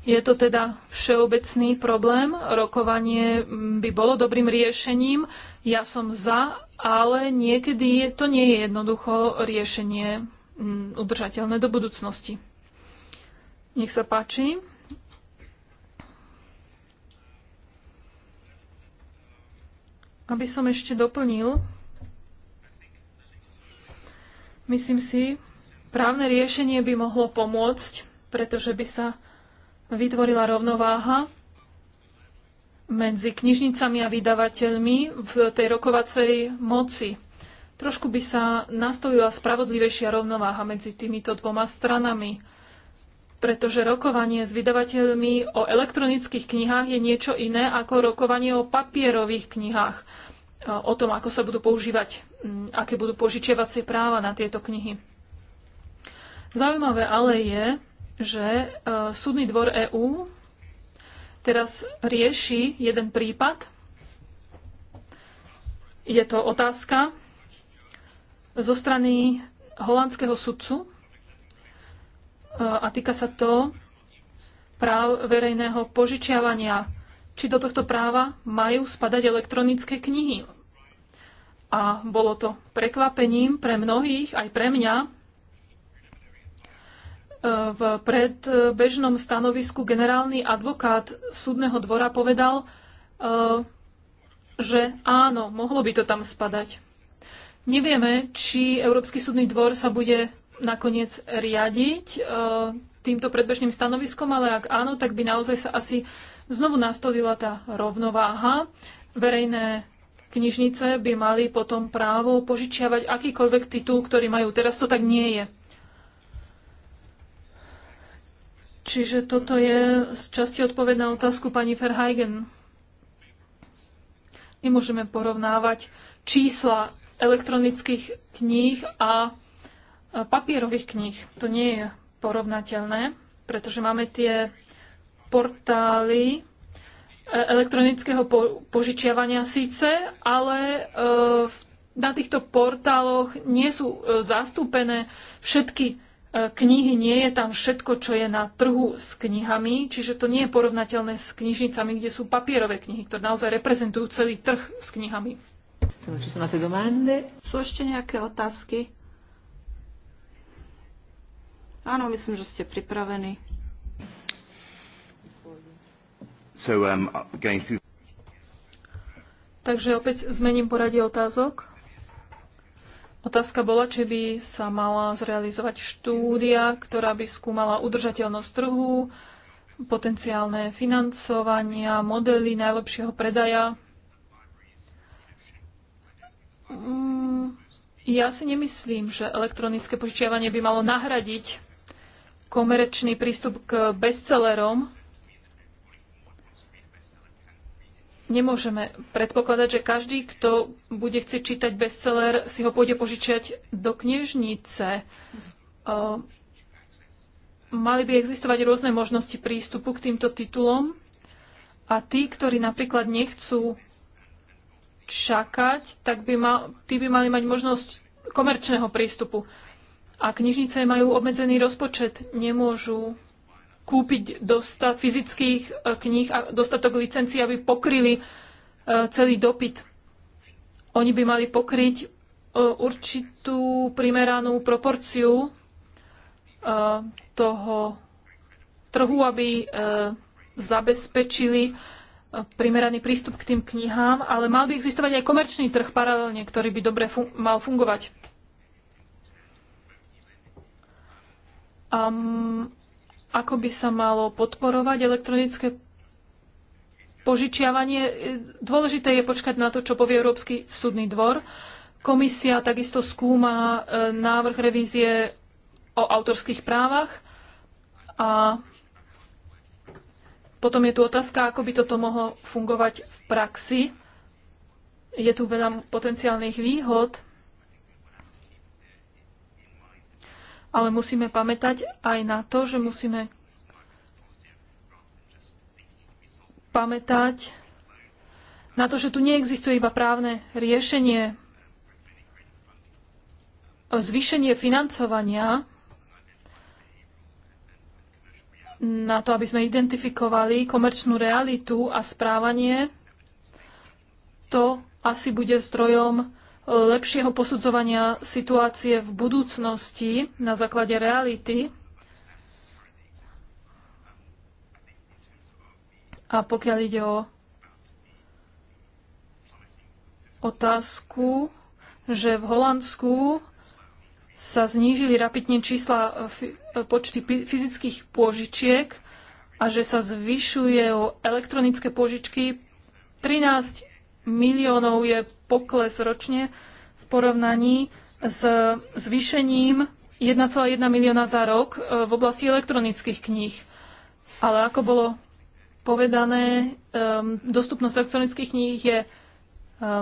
Je to teda všeobecný problém. Rokovanie mm, by bolo dobrým riešením. Ja som za, ale niekedy je, to nie je jednoducho riešenie mm, udržateľné do budúcnosti. Nech sa páči. Aby som ešte doplnil, myslím si, právne riešenie by mohlo pomôcť, pretože by sa vytvorila rovnováha medzi knižnicami a vydavateľmi v tej rokovacej moci. Trošku by sa nastavila spravodlivejšia rovnováha medzi týmito dvoma stranami, pretože rokovanie s vydavateľmi o elektronických knihách je niečo iné ako rokovanie o papierových knihách, o tom, ako sa budú používať, aké budú požičiavacie práva na tieto knihy. Zaujímavé ale je, že e, Súdny dvor EÚ teraz rieši jeden prípad. Je to otázka zo strany holandského sudcu e, a týka sa to práv verejného požičiavania. Či do tohto práva majú spadať elektronické knihy. A bolo to prekvapením pre mnohých, aj pre mňa, v predbežnom stanovisku generálny advokát súdneho dvora povedal, e, že áno, mohlo by to tam spadať. Nevieme, či Európsky súdny dvor sa bude nakoniec riadiť e, týmto predbežným stanoviskom, ale ak áno, tak by naozaj sa asi znovu nastolila tá rovnováha. Verejné knižnice by mali potom právo požičiavať akýkoľvek titul, ktorý majú. Teraz to tak nie je. Čiže toto je z časti odpoveď na otázku pani Verheigen. Nemôžeme porovnávať čísla elektronických kníh a papierových kníh. To nie je porovnateľné, pretože máme tie portály e, elektronického požičiavania síce, ale e, na týchto portáloch nie sú e, zastúpené všetky E, knihy, nie je tam všetko, čo je na trhu s knihami, čiže to nie je porovnateľné s knižnicami, kde sú papierové knihy, ktoré naozaj reprezentujú celý trh s knihami. Sú ešte nejaké otázky? Áno, myslím, že ste pripravení. So, um, through... Takže opäť zmením poradie otázok. Otázka bola, či by sa mala zrealizovať štúdia, ktorá by skúmala udržateľnosť trhu, potenciálne financovania, modely najlepšieho predaja. Mm, ja si nemyslím, že elektronické požičiavanie by malo nahradiť komerčný prístup k bestsellerom, Nemôžeme predpokladať, že každý, kto bude chcieť čítať bestseller, si ho pôjde požičiať do knižnice. Mali by existovať rôzne možnosti prístupu k týmto titulom a tí, ktorí napríklad nechcú čakať, tak by mal, tí by mali mať možnosť komerčného prístupu. A knižnice majú obmedzený rozpočet, nemôžu kúpiť dostat fyzických e, kníh a dostatok licencií, aby pokryli e, celý dopyt. Oni by mali pokryť e, určitú primeranú proporciu toho trhu, aby zabezpečili primeraný prístup k tým knihám, ale mal by existovať aj komerčný trh paralelne, ktorý by dobre fun- mal fungovať. Um, ako by sa malo podporovať elektronické požičiavanie. Dôležité je počkať na to, čo povie Európsky súdny dvor. Komisia takisto skúma e, návrh revízie o autorských právach a potom je tu otázka, ako by toto mohlo fungovať v praxi. Je tu veľa potenciálnych výhod ale musíme pamätať aj na to, že musíme pamätať na to, že tu neexistuje iba právne riešenie. Zvýšenie financovania na to, aby sme identifikovali komerčnú realitu a správanie, to asi bude zdrojom lepšieho posudzovania situácie v budúcnosti na základe reality. A pokiaľ ide o otázku, že v Holandsku sa znížili rapidne čísla e, e, počty fyzických pôžičiek a že sa zvyšujú elektronické pôžičky. 13 miliónov je pokles ročne v porovnaní s zvýšením 1,1 milióna za rok e, v oblasti elektronických kníh. Ale ako bolo povedané, dostupnosť elektronických kníh je e,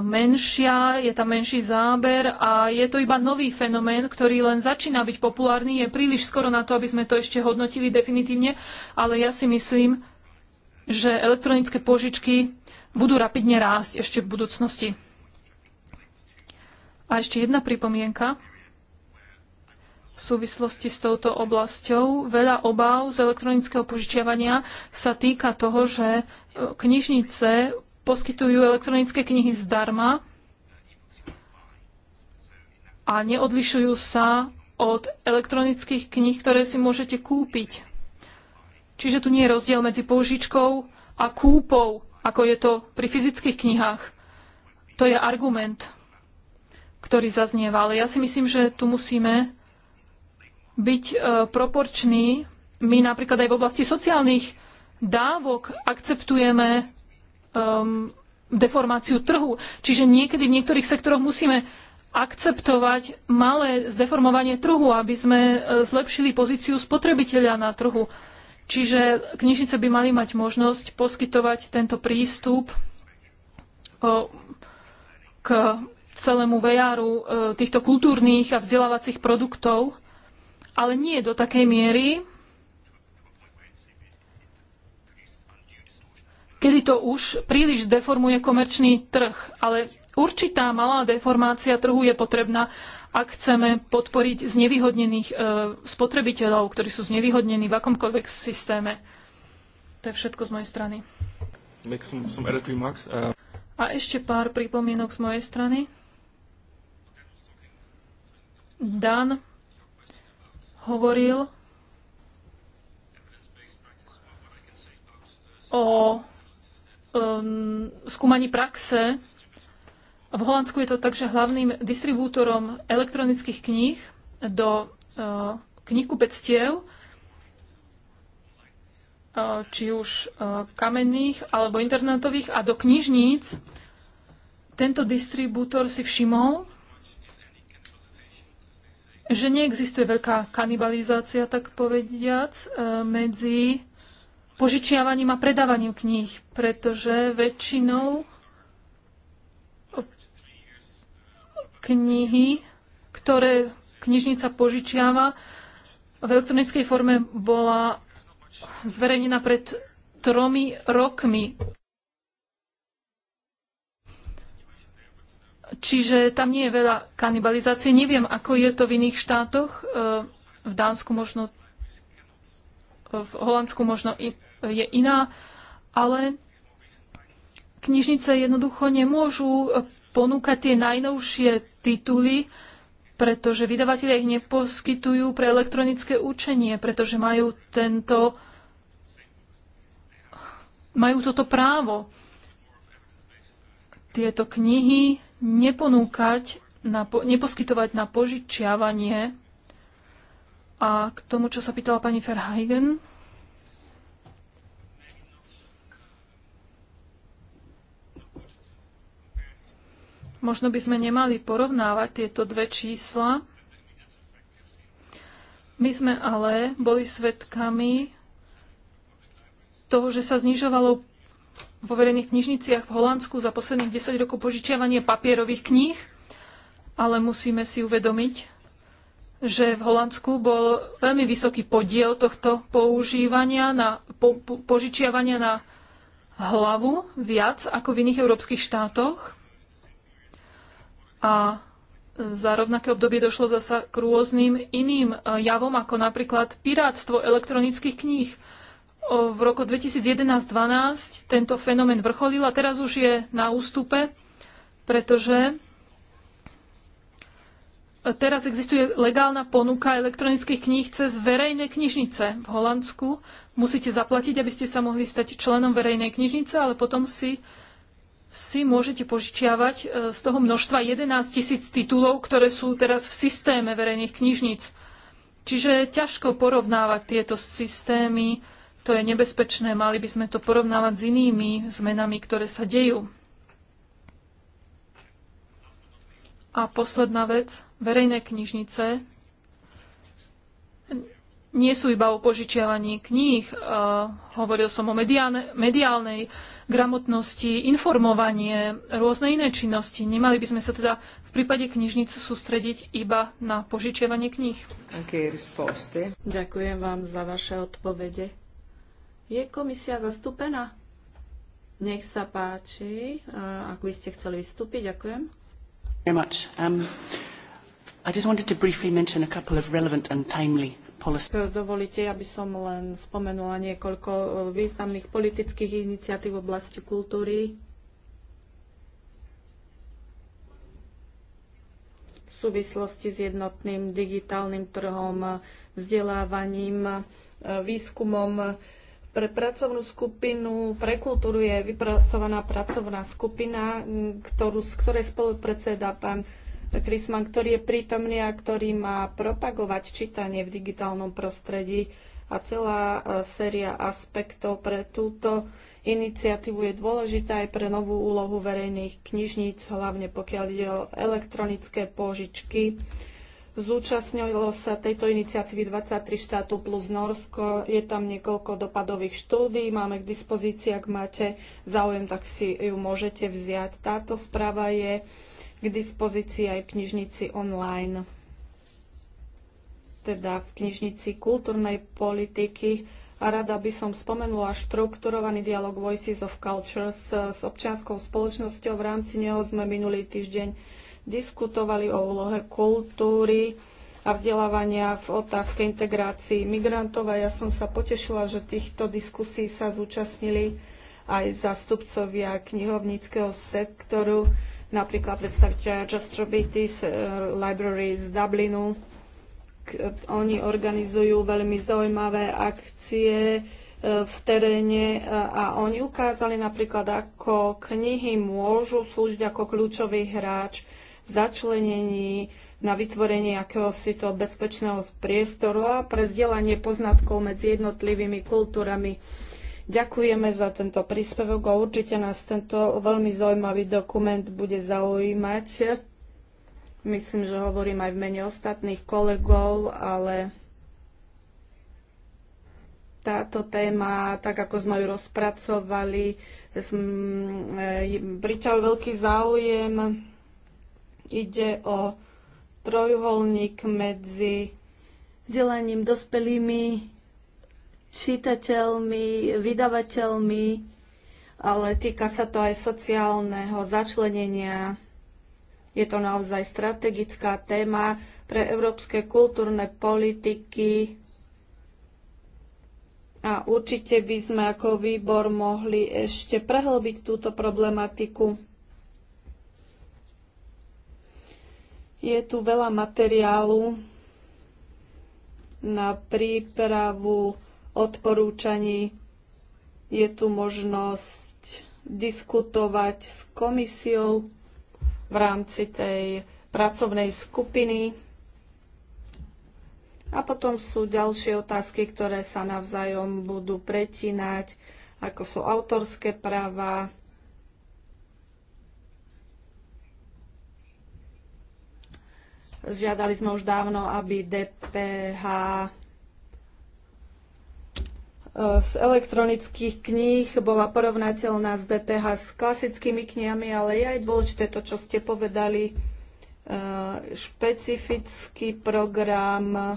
menšia, je tam menší záber a je to iba nový fenomén, ktorý len začína byť populárny. Je príliš skoro na to, aby sme to ešte hodnotili definitívne, ale ja si myslím, že elektronické požičky budú rapidne rásť ešte v budúcnosti. A ešte jedna pripomienka. V súvislosti s touto oblasťou veľa obáv z elektronického požičiavania sa týka toho, že e, knižnice poskytujú elektronické knihy zdarma a neodlišujú sa od elektronických kníh, ktoré si môžete kúpiť. Čiže tu nie je rozdiel medzi požičkou a kúpou ako je to pri fyzických knihách. To je argument, ktorý zaznieva. Ale ja si myslím, že tu musíme byť e, proporční. My napríklad aj v oblasti sociálnych dávok akceptujeme um, deformáciu trhu. Čiže niekedy v niektorých sektoroch musíme akceptovať malé zdeformovanie trhu, aby sme e, zlepšili pozíciu spotrebiteľa na trhu. Čiže knižnice by mali mať možnosť poskytovať tento prístup k celému vejáru e, týchto kultúrnych a vzdelávacích produktov, ale nie do takej miery, kedy to už príliš deformuje komerčný trh. Ale určitá malá deformácia trhu je potrebná ak chceme podporiť znevýhodnených e, spotrebiteľov, ktorí sú znevýhodnení v akomkoľvek systéme. To je všetko z mojej strany. Some, some remarks, uh... A ešte pár pripomienok z mojej strany. Dan hovoril o um, skúmaní praxe v Holandsku je to tak, že hlavným distribútorom elektronických kníh do e, knihkupectiev e, či už e, kamenných alebo internetových a do knižníc. Tento distribútor si všimol, že neexistuje veľká kanibalizácia, tak povediac, medzi požičiavaním a predávaním kníh, pretože väčšinou knihy, ktoré knižnica požičiava, v elektronickej forme bola zverejnená pred tromi rokmi. Čiže tam nie je veľa kanibalizácie. Neviem, ako je to v iných štátoch. E, v Dánsku možno, v Holandsku možno je iná, ale knižnice jednoducho nemôžu ponúka tie najnovšie tituly, pretože vydavatelia ich neposkytujú pre elektronické učenie, pretože majú tento majú toto právo tieto knihy neponúkať, na, neposkytovať na požičiavanie. A k tomu, čo sa pýtala pani Verheigen, Možno by sme nemali porovnávať tieto dve čísla. My sme ale boli svedkami toho, že sa znižovalo vo verejných knižniciach v Holandsku za posledných 10 rokov požičiavanie papierových kníh, ale musíme si uvedomiť, že v Holandsku bol veľmi vysoký podiel tohto používania na, po, po, požičiavania na hlavu viac ako v iných európskych štátoch. A za rovnaké obdobie došlo zasa k rôznym iným e, javom, ako napríklad pirátstvo elektronických kníh. V roku 2011-2012 tento fenomén vrcholil a teraz už je na ústupe, pretože teraz existuje legálna ponuka elektronických kníh cez verejné knižnice v Holandsku. Musíte zaplatiť, aby ste sa mohli stať členom verejnej knižnice, ale potom si si môžete požičiavať e, z toho množstva 11 tisíc titulov, ktoré sú teraz v systéme verejných knižníc. Čiže ťažko porovnávať tieto systémy, to je nebezpečné, mali by sme to porovnávať s inými zmenami, ktoré sa dejú. A posledná vec, verejné knižnice nie sú iba o požičiavaní kníh. E, hovoril som o mediálne, mediálnej gramotnosti, informovanie, rôzne iné činnosti. Nemali by sme sa teda v prípade knižnic sústrediť iba na požičiavanie kníh. Ďakujem vám za vaše odpovede. Je komisia zastúpená? Nech sa páči, e, ak by ste chceli vystúpiť. Ďakujem. Very much. Um, I just wanted to briefly mention a couple of relevant and timely E, dovolíte, aby som len spomenula niekoľko e, významných politických iniciatív v oblasti kultúry. V súvislosti s jednotným digitálnym trhom, vzdelávaním, e, výskumom. Pre pracovnú skupinu, pre kultúru je vypracovaná pracovná skupina, ktorú, z ktorej spolupredseda pán Krisman, ktorý je prítomný a ktorý má propagovať čítanie v digitálnom prostredí a celá e, séria aspektov pre túto iniciatívu je dôležitá aj pre novú úlohu verejných knižníc, hlavne pokiaľ ide o elektronické požičky. Zúčastnilo sa tejto iniciatívy 23 štátu plus Norsko. Je tam niekoľko dopadových štúdí, máme k dispozícii, ak máte záujem, tak si ju môžete vziať. Táto správa je k dispozícii aj v knižnici online, teda v knižnici kultúrnej politiky. A rada by som spomenula štrukturovaný dialog Voices of Cultures s občianskou spoločnosťou. V rámci neho sme minulý týždeň diskutovali o úlohe kultúry a vzdelávania v otázke integrácii migrantov a ja som sa potešila, že týchto diskusí sa zúčastnili aj zastupcovia knihovníckého sektoru napríklad Just Robitis, eh, Library z Dublinu. Oni organizujú veľmi zaujímavé akcie eh, v teréne eh, a oni ukázali napríklad, ako knihy môžu slúžiť ako kľúčový hráč v začlenení na vytvorenie akéhosi toho bezpečného priestoru a pre zdieľanie poznatkov medzi jednotlivými kultúrami. Ďakujeme za tento príspevok a určite nás tento veľmi zaujímavý dokument bude zaujímať. Myslím, že hovorím aj v mene ostatných kolegov, ale táto téma, tak ako sme ju rozpracovali, e, priťahuje veľký záujem. Ide o trojuholník medzi vzdelaním dospelými, čitateľmi, vydavateľmi, ale týka sa to aj sociálneho začlenenia. Je to naozaj strategická téma pre európske kultúrne politiky a určite by sme ako výbor mohli ešte prehlbiť túto problematiku. Je tu veľa materiálu na prípravu odporúčaní. Je tu možnosť diskutovať s komisiou v rámci tej pracovnej skupiny. A potom sú ďalšie otázky, ktoré sa navzájom budú pretínať, ako sú autorské práva, Žiadali sme už dávno, aby DPH Eh, z elektronických kníh bola porovnateľná s DPH s klasickými knihami, ale je aj dôležité to, čo ste povedali, eh, špecifický program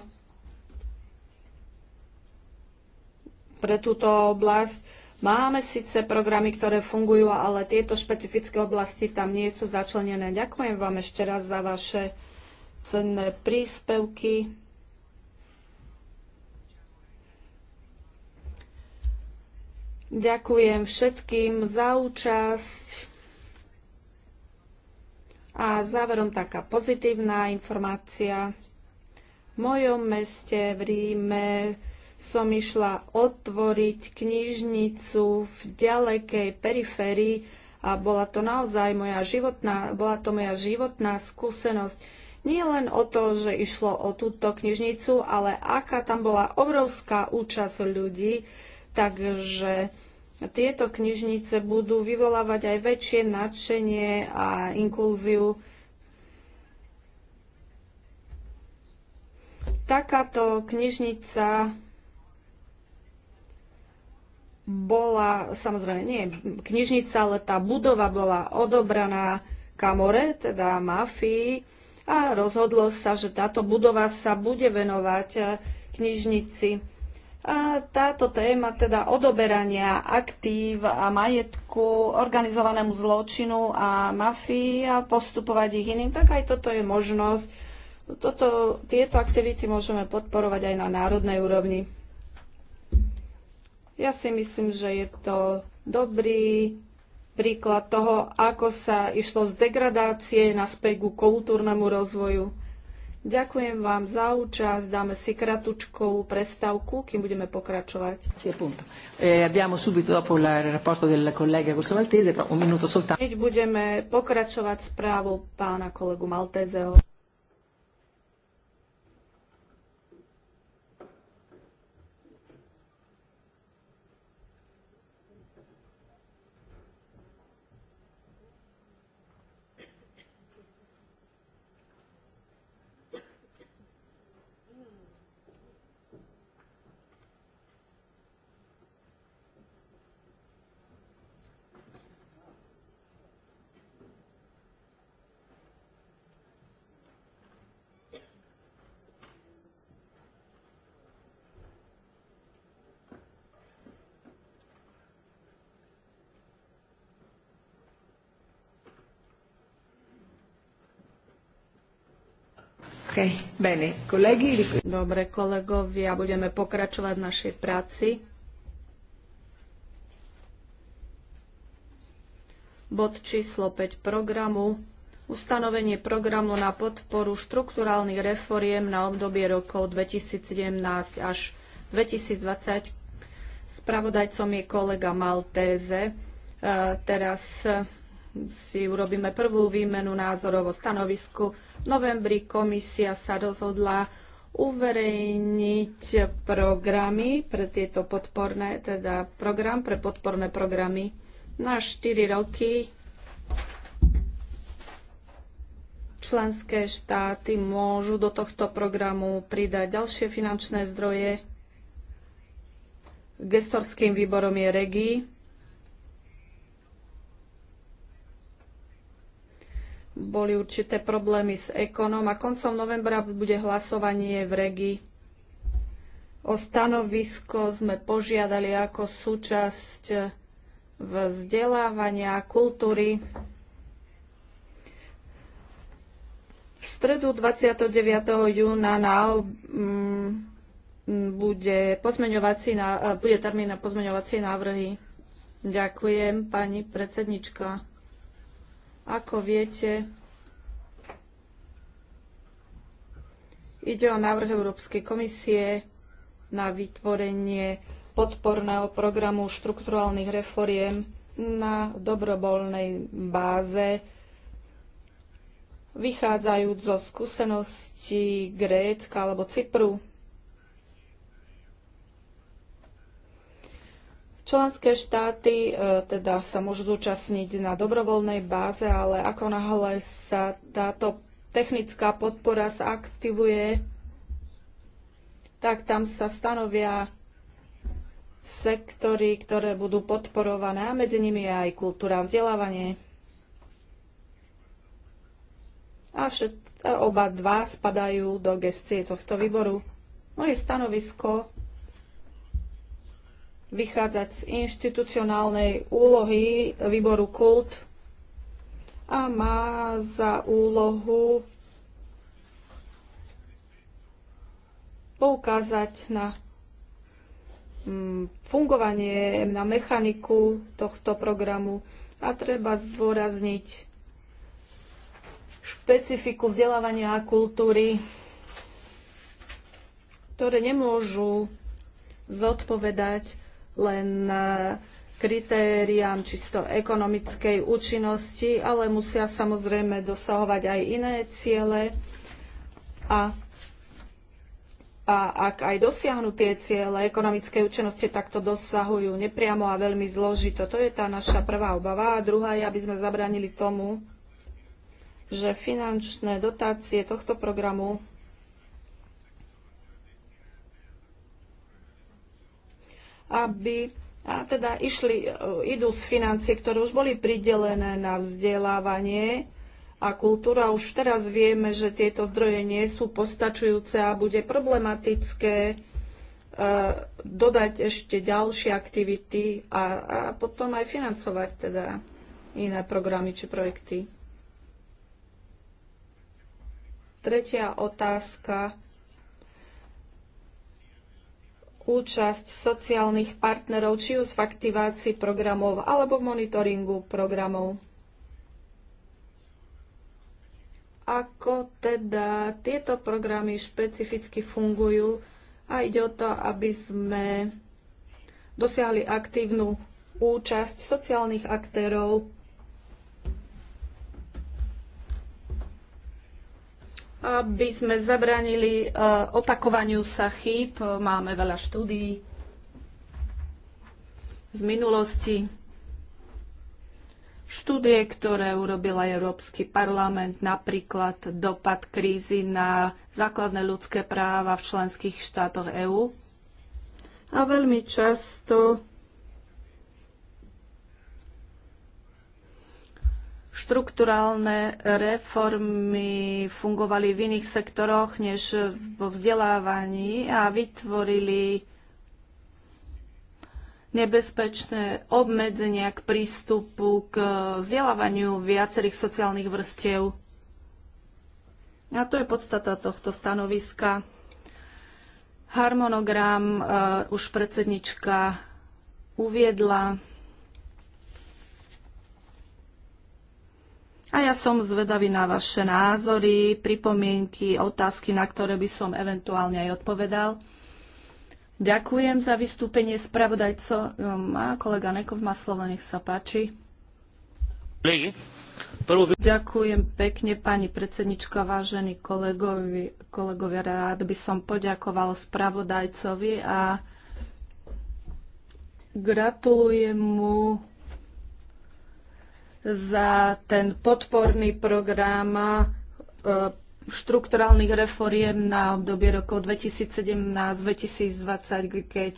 pre túto oblasť. Máme síce programy, ktoré fungujú, ale tieto špecifické oblasti tam nie sú začlenené. Ďakujem vám ešte raz za vaše cenné príspevky. Ďakujem všetkým za účasť. A záverom taká pozitívna informácia. V mojom meste v Ríme som išla otvoriť knižnicu v ďalekej periférii a bola to naozaj moja životná, bola to moja životná skúsenosť. Nie len o to, že išlo o túto knižnicu, ale aká tam bola obrovská účasť ľudí, Takže tieto knižnice budú vyvolávať aj väčšie nadšenie a inklúziu. Takáto knižnica bola, samozrejme nie knižnica, ale tá budova bola odobraná Kamore, teda mafii, a rozhodlo sa, že táto budova sa bude venovať knižnici. A táto téma teda odoberania aktív a majetku organizovanému zločinu a mafii a postupovať ich iným, tak aj toto je možnosť. Toto, tieto aktivity môžeme podporovať aj na národnej úrovni. Ja si myslím, že je to dobrý príklad toho, ako sa išlo z degradácie naspäť ku kultúrnemu rozvoju. Ďakujem vám za účasť, dáme si kratučkovú prestavku, kým budeme pokračovať. Eh, Keď budeme pokračovať správou pána kolegu Maltézeho. Okay. Bene, Dobre, kolegovia, budeme pokračovať v našej práci. Bod číslo 5 programu. Ustanovenie programu na podporu štrukturálnych reforiem na obdobie rokov 2017 až 2020. Spravodajcom je kolega Maltéze. E, teraz si urobíme prvú výmenu názorov o stanovisku v novembri komisia sa rozhodla uverejniť programy pre tieto podporné, teda program pre podporné programy na 4 roky. Členské štáty môžu do tohto programu pridať ďalšie finančné zdroje. Gestorským výborom je REGI boli určité problémy s ekonom a koncom novembra bude hlasovanie v regi. O stanovisko sme požiadali ako súčasť eh, vzdelávania a kultúry. V stredu 29. júna na, um, bude, pozmeňovací na, eh, bude termín na pozmeňovacie návrhy. Ďakujem, pani predsednička. Ako viete, ide o návrh Európskej komisie na vytvorenie podporného programu štrukturálnych reforiem na dobrovoľnej báze, vychádzajúc zo skúseností Grécka alebo Cypru. Členské štáty e, teda sa môžu zúčastniť na dobrovoľnej báze, ale ako náhle sa táto technická podpora sa aktivuje, tak tam sa stanovia sektory, ktoré budú podporované a medzi nimi je aj kultúra a vzdelávanie. A všet, oba dva spadajú do gestie tohto výboru. Moje stanovisko vychádzať z inštitucionálnej úlohy výboru KULT a má za úlohu poukázať na mm, fungovanie, na mechaniku tohto programu a treba zdôrazniť špecifiku vzdelávania a kultúry, ktoré nemôžu zodpovedať len e, kritériám čisto ekonomickej účinnosti, ale musia samozrejme dosahovať aj iné ciele. A, a ak aj dosiahnu tie ciele ekonomickej účinnosti, tak to dosahujú nepriamo a veľmi zložito. To je tá naša prvá obava. A druhá je, aby sme zabranili tomu, že finančné dotácie tohto programu aby a teda išli, e, idú z financie, ktoré už boli pridelené na vzdelávanie a kultúra. Už teraz vieme, že tieto zdroje nie sú postačujúce a bude problematické e, dodať ešte ďalšie aktivity a, a potom aj financovať teda iné programy či projekty. Tretia otázka účasť sociálnych partnerov, či už v aktivácii programov alebo v monitoringu programov. Ako teda tieto programy špecificky fungujú a ide o to, aby sme dosiahli aktívnu účasť sociálnych aktérov aby sme zabranili e, opakovaniu sa chýb. Máme veľa štúdií z minulosti. Štúdie, ktoré urobila Európsky parlament, napríklad dopad krízy na základné ľudské práva v členských štátoch EÚ. A veľmi často Štrukturálne reformy fungovali v iných sektoroch než vo vzdelávaní a vytvorili nebezpečné obmedzenia k prístupu k vzdelávaniu viacerých sociálnych vrstiev. A to je podstata tohto stanoviska. Harmonogram uh, už predsednička uviedla. A ja som zvedavý na vaše názory, pripomienky, otázky, na ktoré by som eventuálne aj odpovedal. Ďakujem za vystúpenie spravodajco. Má ehm, kolega Nekov má slovo, nech sa páči. Ďakujem pekne, pani predsednička, vážení kolegovi, kolegovia. Rád by som poďakoval spravodajcovi a gratulujem mu za ten podporný program e, štrukturálnych reforiem na obdobie rokov 2017-2020, keď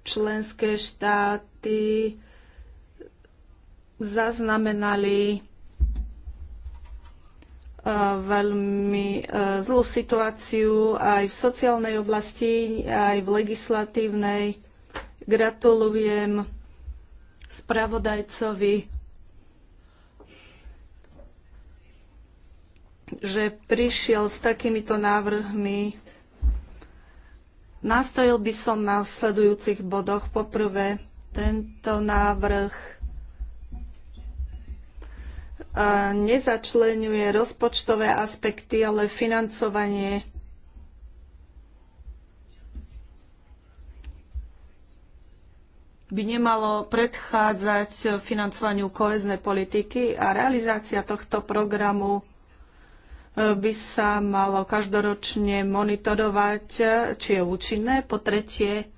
členské štáty zaznamenali e, veľmi e, zlú situáciu aj v sociálnej oblasti, aj v legislatívnej. Gratulujem spravodajcovi že prišiel s takýmito návrhmi. Nastojil by som na sledujúcich bodoch. Poprvé, tento návrh e, nezačlenuje rozpočtové aspekty, ale financovanie by nemalo predchádzať financovaniu koheznej politiky a realizácia tohto programu by sa malo každoročne monitorovať, či je účinné. Po tretie,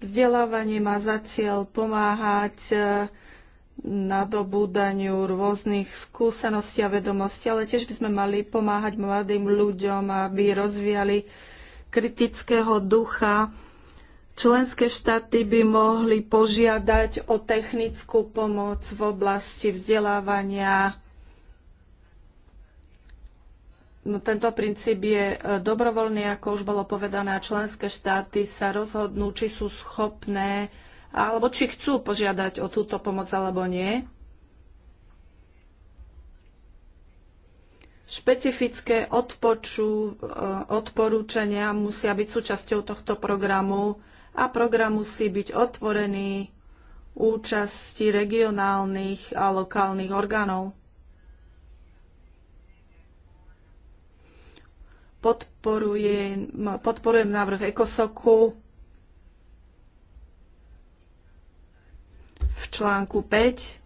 vzdelávanie má za cieľ pomáhať eh, nadobúdaniu rôznych skúseností a vedomostí, ale tiež by sme mali pomáhať mladým ľuďom, aby rozvíjali kritického ducha, Členské štáty by mohli požiadať o technickú pomoc v oblasti vzdelávania. No, tento princíp je e, dobrovoľný, ako už bolo povedané, a členské štáty sa rozhodnú, či sú schopné alebo či chcú požiadať o túto pomoc alebo nie. Špecifické odpoču, e, odporúčania musia byť súčasťou tohto programu a program musí byť otvorený účasti regionálnych a lokálnych orgánov. Podporujem, podporujem návrh ECOSOKu v článku 5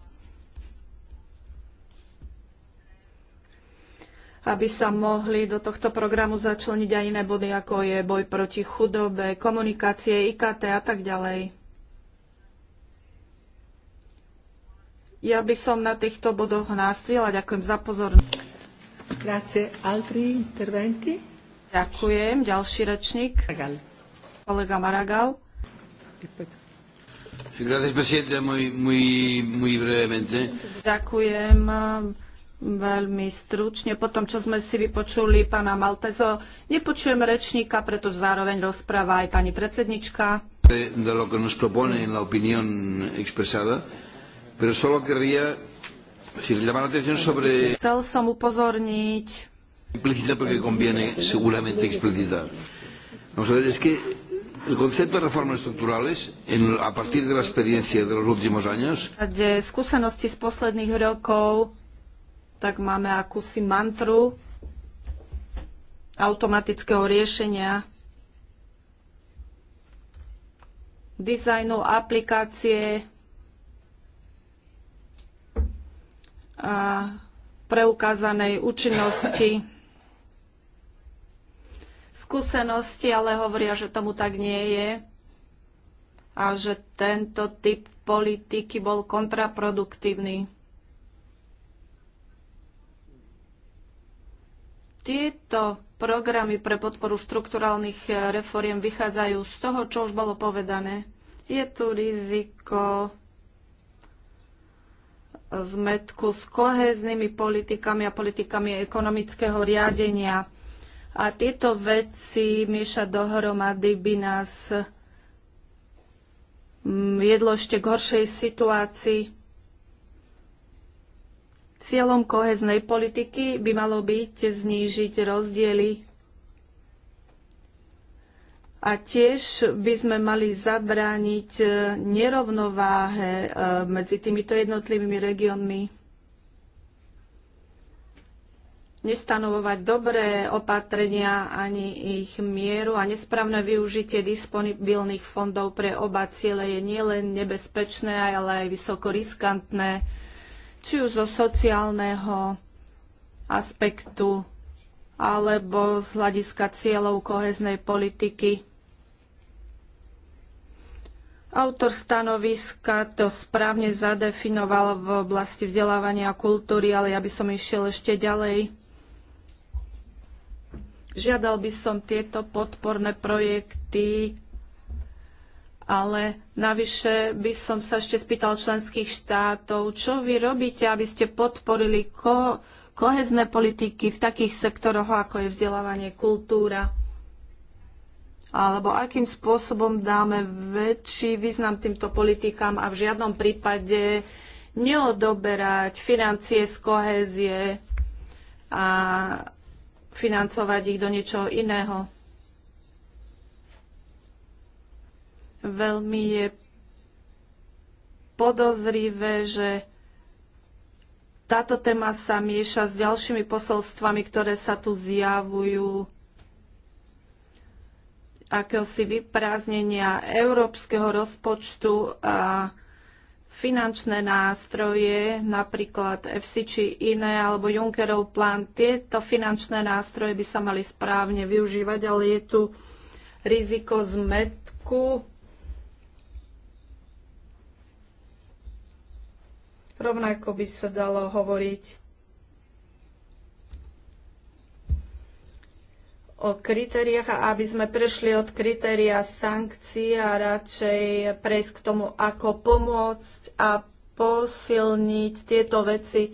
aby sa mohli do tohto programu začleniť aj iné body, ako je boj proti chudobe, komunikácie, IKT a tak ďalej. Ja by som na týchto bodoch nástrila. Ďakujem za pozornosť. Grazie. Altri interventi? Ďakujem. Ďalší rečník. Maragal. Kolega Maragal. Gracias, presidente. Muy, muy, muy brevemente. Ďakujem Veľmi stručne, po tom, čo sme si vypočuli pána Maltezo, nepočujem rečníka, pretože zároveň rozpráva aj pani predsednička. De, lo que nos propone en la opinión expresada, pero solo querría, si le llaman la atención sobre... Chcel som upozorniť... Implícita porque conviene seguramente explicitar. Vamos a ver, es que El concepto de reformas estructurales en, a partir de la experiencia de los últimos años. Kde skúsenosti z posledných rokov tak máme akúsi mantru automatického riešenia dizajnu aplikácie a preukázanej účinnosti skúsenosti, ale hovoria, že tomu tak nie je a že tento typ politiky bol kontraproduktívny. Tieto programy pre podporu štrukturálnych eh, reforiem vychádzajú z toho, čo už bolo povedané. Je tu riziko zmetku s koheznými politikami a politikami ekonomického riadenia. A tieto veci miešať dohromady by nás mm, viedlo ešte k horšej situácii. Cieľom koheznej politiky by malo byť znížiť rozdiely a tiež by sme mali zabrániť e, nerovnováhe e, medzi týmito jednotlivými regiónmi. Nestanovovať dobré opatrenia ani ich mieru a nesprávne využitie disponibilných fondov pre oba ciele je nielen nebezpečné, ale aj vysoko riskantné či už zo sociálneho aspektu alebo z hľadiska cieľov koheznej politiky. Autor stanoviska to správne zadefinoval v oblasti vzdelávania a kultúry, ale ja by som išiel ešte ďalej. Žiadal by som tieto podporné projekty ale navyše by som sa ešte spýtal členských štátov, čo vy robíte, aby ste podporili ko- kohezné politiky v takých sektoroch, ako je vzdelávanie, kultúra? Alebo akým spôsobom dáme väčší význam týmto politikám a v žiadnom prípade neodoberať financie z kohézie a financovať ich do niečoho iného? Veľmi je podozrivé, že táto téma sa mieša s ďalšími posolstvami, ktoré sa tu zjavujú akéhosi vyprázdnenia európskeho rozpočtu a finančné nástroje, napríklad FC či iné, alebo Junckerov plán, tieto finančné nástroje by sa mali správne využívať, ale je tu riziko zmetku Rovnako by sa dalo hovoriť o kritériách a aby sme prešli od kritéria sankcií a radšej prejsť k tomu, ako pomôcť a posilniť tieto veci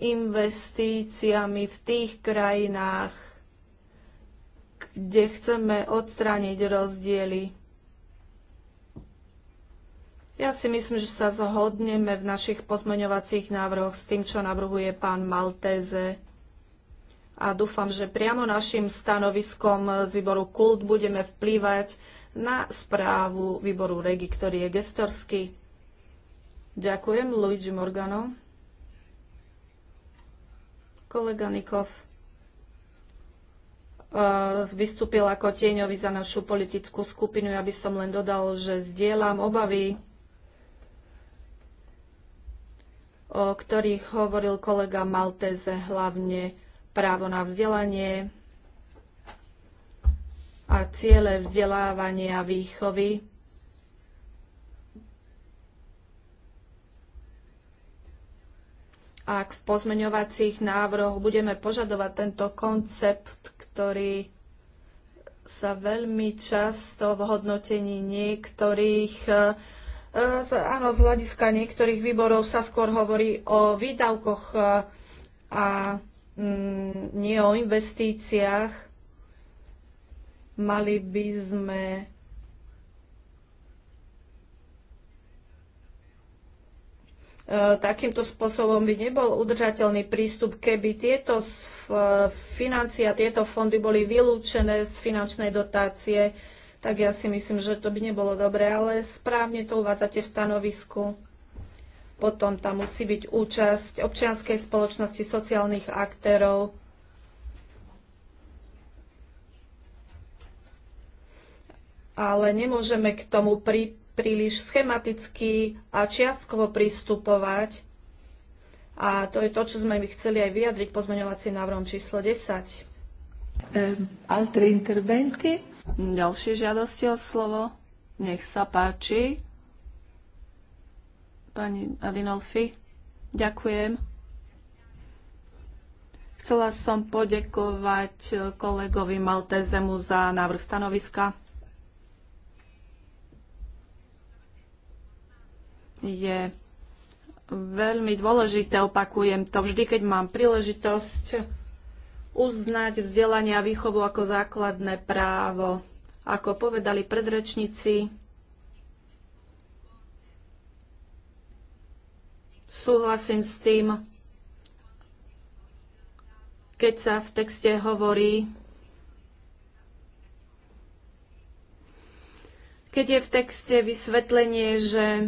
investíciami v tých krajinách, kde chceme odstrániť rozdiely. Ja si myslím, že sa zhodneme v našich pozmeňovacích návrhoch s tým, čo navrhuje pán Maltéze. A dúfam, že priamo našim stanoviskom z výboru KULT budeme vplývať na správu výboru REGI, ktorý je gestorský. Ďakujem, Luigi Morgano. Kolega Nikov eh, vystúpil ako tieňovi za našu politickú skupinu. Ja by som len dodal, že zdieľam obavy o ktorých hovoril kolega Malteze, hlavne právo na vzdelanie a ciele vzdelávania a výchovy. Ak v pozmeňovacích návrhoch budeme požadovať tento koncept, ktorý sa veľmi často v hodnotení niektorých Áno, z hľadiska niektorých výborov sa skôr hovorí o výdavkoch e, a mm, nie o investíciách. Mali by sme e, takýmto spôsobom by nebol udržateľný prístup, keby tieto financie a tieto fondy boli vylúčené z finančnej dotácie tak ja si myslím, že to by nebolo dobre, ale správne to uvádzate v stanovisku. Potom tam musí byť účasť občianskej spoločnosti, sociálnych aktérov. Ale nemôžeme k tomu pri, príliš schematicky a čiastkovo pristupovať. A to je to, čo sme my chceli aj vyjadriť pozmeňovacím návrhom číslo 10. Um, altri interventi? Ďalšie žiadosti o slovo. Nech sa páči. Pani Adinolfi, ďakujem. Chcela som podekovať kolegovi Maltezemu za návrh stanoviska. Je veľmi dôležité, opakujem to vždy, keď mám príležitosť uznať vzdelanie a výchovu ako základné právo. Ako povedali predrečníci, súhlasím s tým, keď sa v texte hovorí, keď je v texte vysvetlenie, že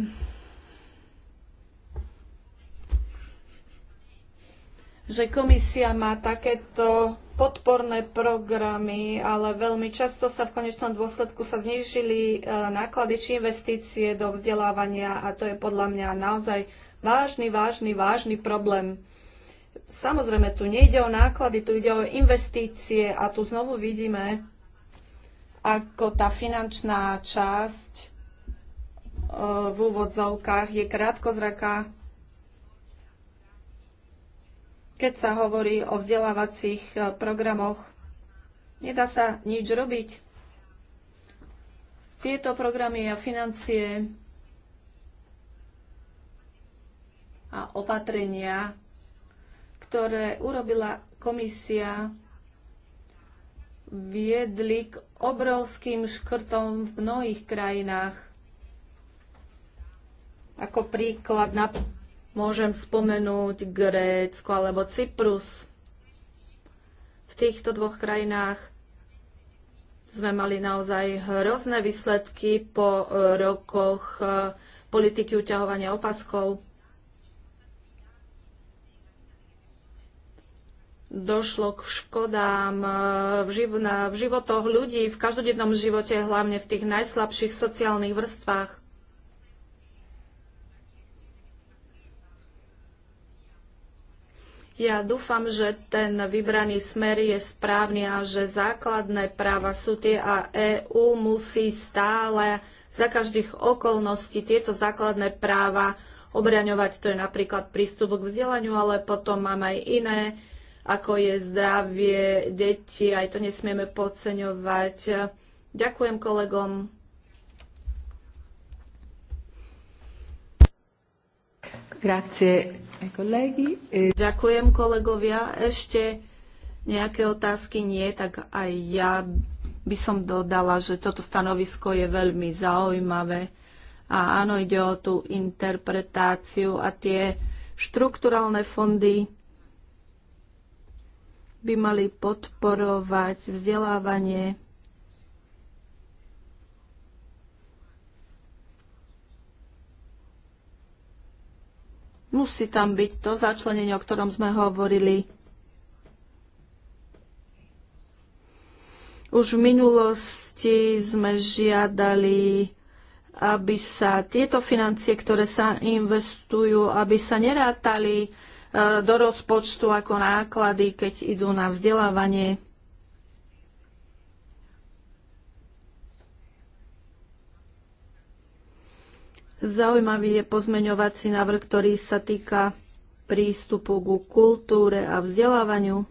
že komisia má takéto podporné programy, ale veľmi často sa v konečnom dôsledku sa znížili e, náklady či investície do vzdelávania a to je podľa mňa naozaj vážny, vážny, vážny problém. Samozrejme, tu nejde o náklady, tu ide o investície a tu znovu vidíme, ako tá finančná časť e, v úvodzovkách je krátkozraká keď sa hovorí o vzdelávacích e, programoch, nedá sa nič robiť. Tieto programy a financie a opatrenia, ktoré urobila komisia, viedli k obrovským škrtom v mnohých krajinách. Ako príklad na Môžem spomenúť Grécko alebo Cyprus. V týchto dvoch krajinách sme mali naozaj hrozné výsledky po e, rokoch e, politiky uťahovania opaskov. Došlo k škodám e, v, živ- na, v životoch ľudí, v každodennom živote, hlavne v tých najslabších sociálnych vrstvách. Ja dúfam, že ten vybraný smer je správny a že základné práva sú tie a EÚ musí stále za každých okolností tieto základné práva obraňovať. To je napríklad prístup k vzdelaniu, ale potom mám aj iné, ako je zdravie detí, aj to nesmieme podceňovať. Ďakujem kolegom Grazie, eh, colleghi. E Ďakujem, kolegovia. Ešte nejaké otázky nie, tak aj ja by som dodala, že toto stanovisko je veľmi zaujímavé. A áno, ide o tú interpretáciu a tie štrukturálne fondy by mali podporovať vzdelávanie Musí tam byť to začlenenie, o ktorom sme hovorili. Už v minulosti sme žiadali, aby sa tieto financie, ktoré sa investujú, aby sa nerátali eh, do rozpočtu ako náklady, keď idú na vzdelávanie Zaujímavý je pozmeňovací návrh, ktorý sa týka prístupu ku kultúre a vzdelávaniu.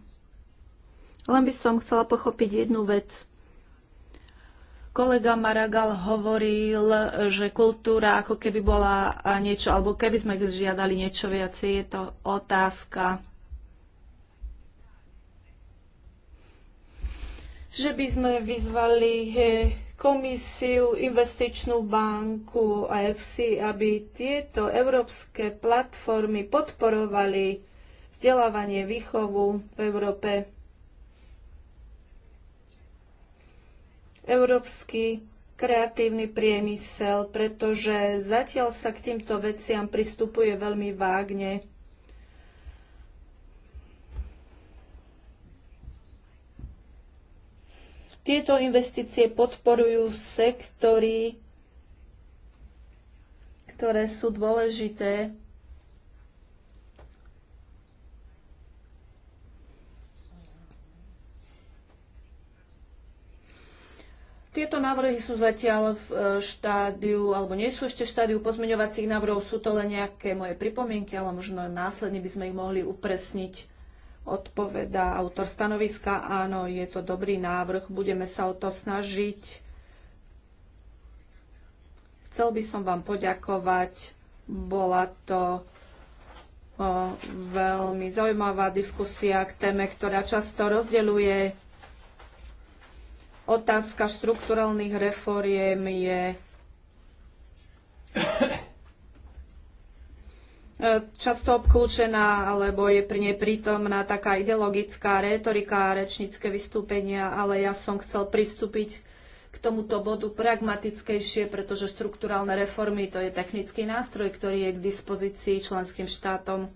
Len by som chcela pochopiť jednu vec. Kolega Maragal hovoril, že kultúra ako keby bola niečo, alebo keby sme žiadali niečo viacej, je to otázka že by sme vyzvali eh, komisiu, investičnú banku a EFSI, aby tieto európske platformy podporovali vzdelávanie, výchovu v Európe. Európsky kreatívny priemysel, pretože zatiaľ sa k týmto veciam pristupuje veľmi vágne. Tieto investície podporujú sektory, ktoré sú dôležité Tieto návrhy sú zatiaľ v e, štádiu, alebo nie sú ešte v štádiu pozmeňovacích návrhov, sú to len nejaké moje pripomienky, ale možno následne by sme ich mohli upresniť. Odpovedá autor stanoviska, áno, je to dobrý návrh, budeme sa o to snažiť. Chcel by som vám poďakovať. Bola to o, veľmi zaujímavá diskusia k téme, ktorá často rozdeľuje. Otázka štrukturálnych reforiem je často obklúčená, alebo je pri nej prítomná taká ideologická retorika, rečnícke vystúpenia, ale ja som chcel pristúpiť k tomuto bodu pragmatickejšie, pretože štruktúralne reformy to je technický nástroj, ktorý je k dispozícii členským štátom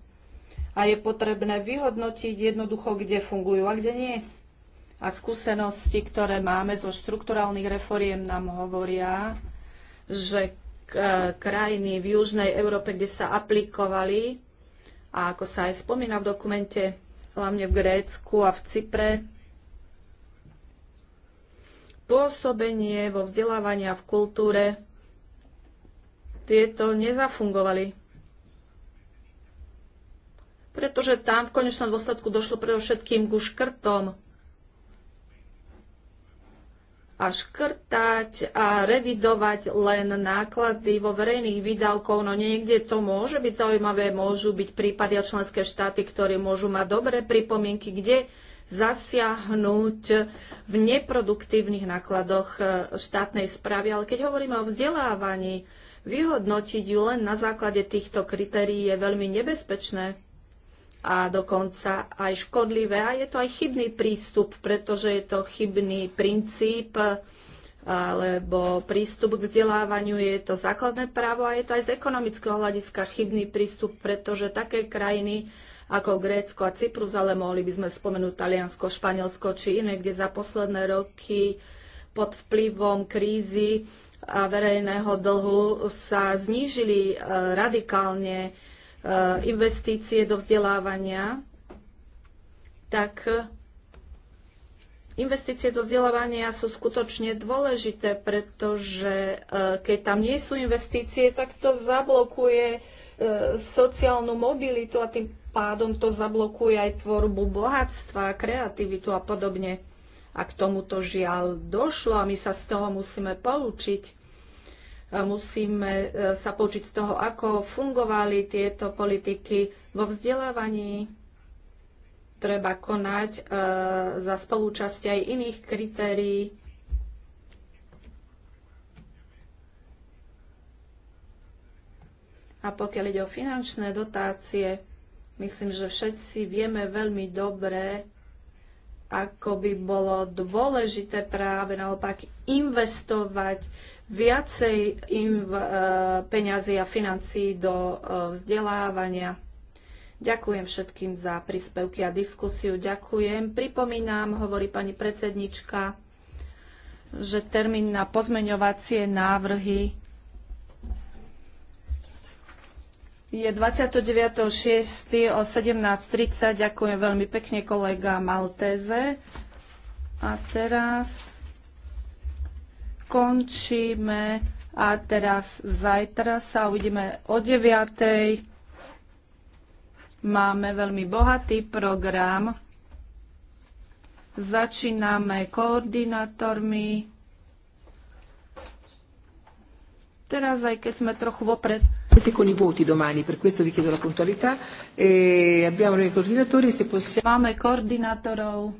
a je potrebné vyhodnotiť jednoducho, kde fungujú a kde nie. A skúsenosti, ktoré máme zo štrukturálnych reforiem, nám hovoria, že E, krajiny v Južnej Európe, kde sa aplikovali a ako sa aj spomína v dokumente, hlavne v Grécku a v Cypre, pôsobenie vo vzdelávaní a v kultúre, tieto nezafungovali. Pretože tam v konečnom dôsledku došlo predovšetkým ku škrtom a škrtať a revidovať len náklady vo verejných výdavkoch, No niekde to môže byť zaujímavé, môžu byť prípady a členské štáty, ktoré môžu mať dobré pripomienky, kde zasiahnuť v neproduktívnych nákladoch e, štátnej správy. Ale keď hovoríme o vzdelávaní, vyhodnotiť ju len na základe týchto kritérií je veľmi nebezpečné a dokonca aj škodlivé. A je to aj chybný prístup, pretože je to chybný princíp alebo prístup k vzdelávaniu je to základné právo a je to aj z ekonomického hľadiska chybný prístup, pretože také krajiny ako Grécko a Cyprus, ale mohli by sme spomenúť Taliansko, Španielsko či iné, kde za posledné roky pod vplyvom krízy a verejného dlhu sa znížili eh, radikálne Eh, investície do vzdelávania, tak eh, investície do vzdelávania sú skutočne dôležité, pretože eh, keď tam nie sú investície, tak to zablokuje sociálnu mobilitu a tým pádom to zablokuje aj tvorbu bohatstva, kreativitu a podobne. A k tomuto žiaľ došlo a my sa z toho musíme poučiť. Musíme e, sa poučiť z toho, ako fungovali tieto politiky vo vzdelávaní. Treba konať e, za spolúčasti aj iných kritérií. A pokiaľ ide o finančné dotácie, myslím, že všetci vieme veľmi dobre, ako by bolo dôležité práve naopak investovať viacej im e, peňazí a financií do e, vzdelávania. Ďakujem všetkým za príspevky a diskusiu. Ďakujem. Pripomínam, hovorí pani predsednička, že termín na pozmeňovacie návrhy je 29.6. o 17.30. Ďakujem veľmi pekne kolega Malteze. A teraz končíme a teraz zajtra sa uvidíme o 9.00. Máme veľmi bohatý program. Začíname koordinátormi. Teraz, aj keď sme trochu vopred, anche con i voti domani, per questo vi chiedo la puntualità. E abbiamo i coordinatori, se possiamo... Máme koordinátorov.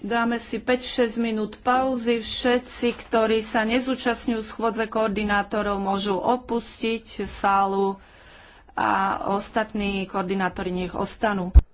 Dáme si 5-6 minút pauzy. Všetci, ktorí sa nezúčastňujú schôdze koordinátorov, môžu opustiť sálu a ostatní koordinátori nech ostanú.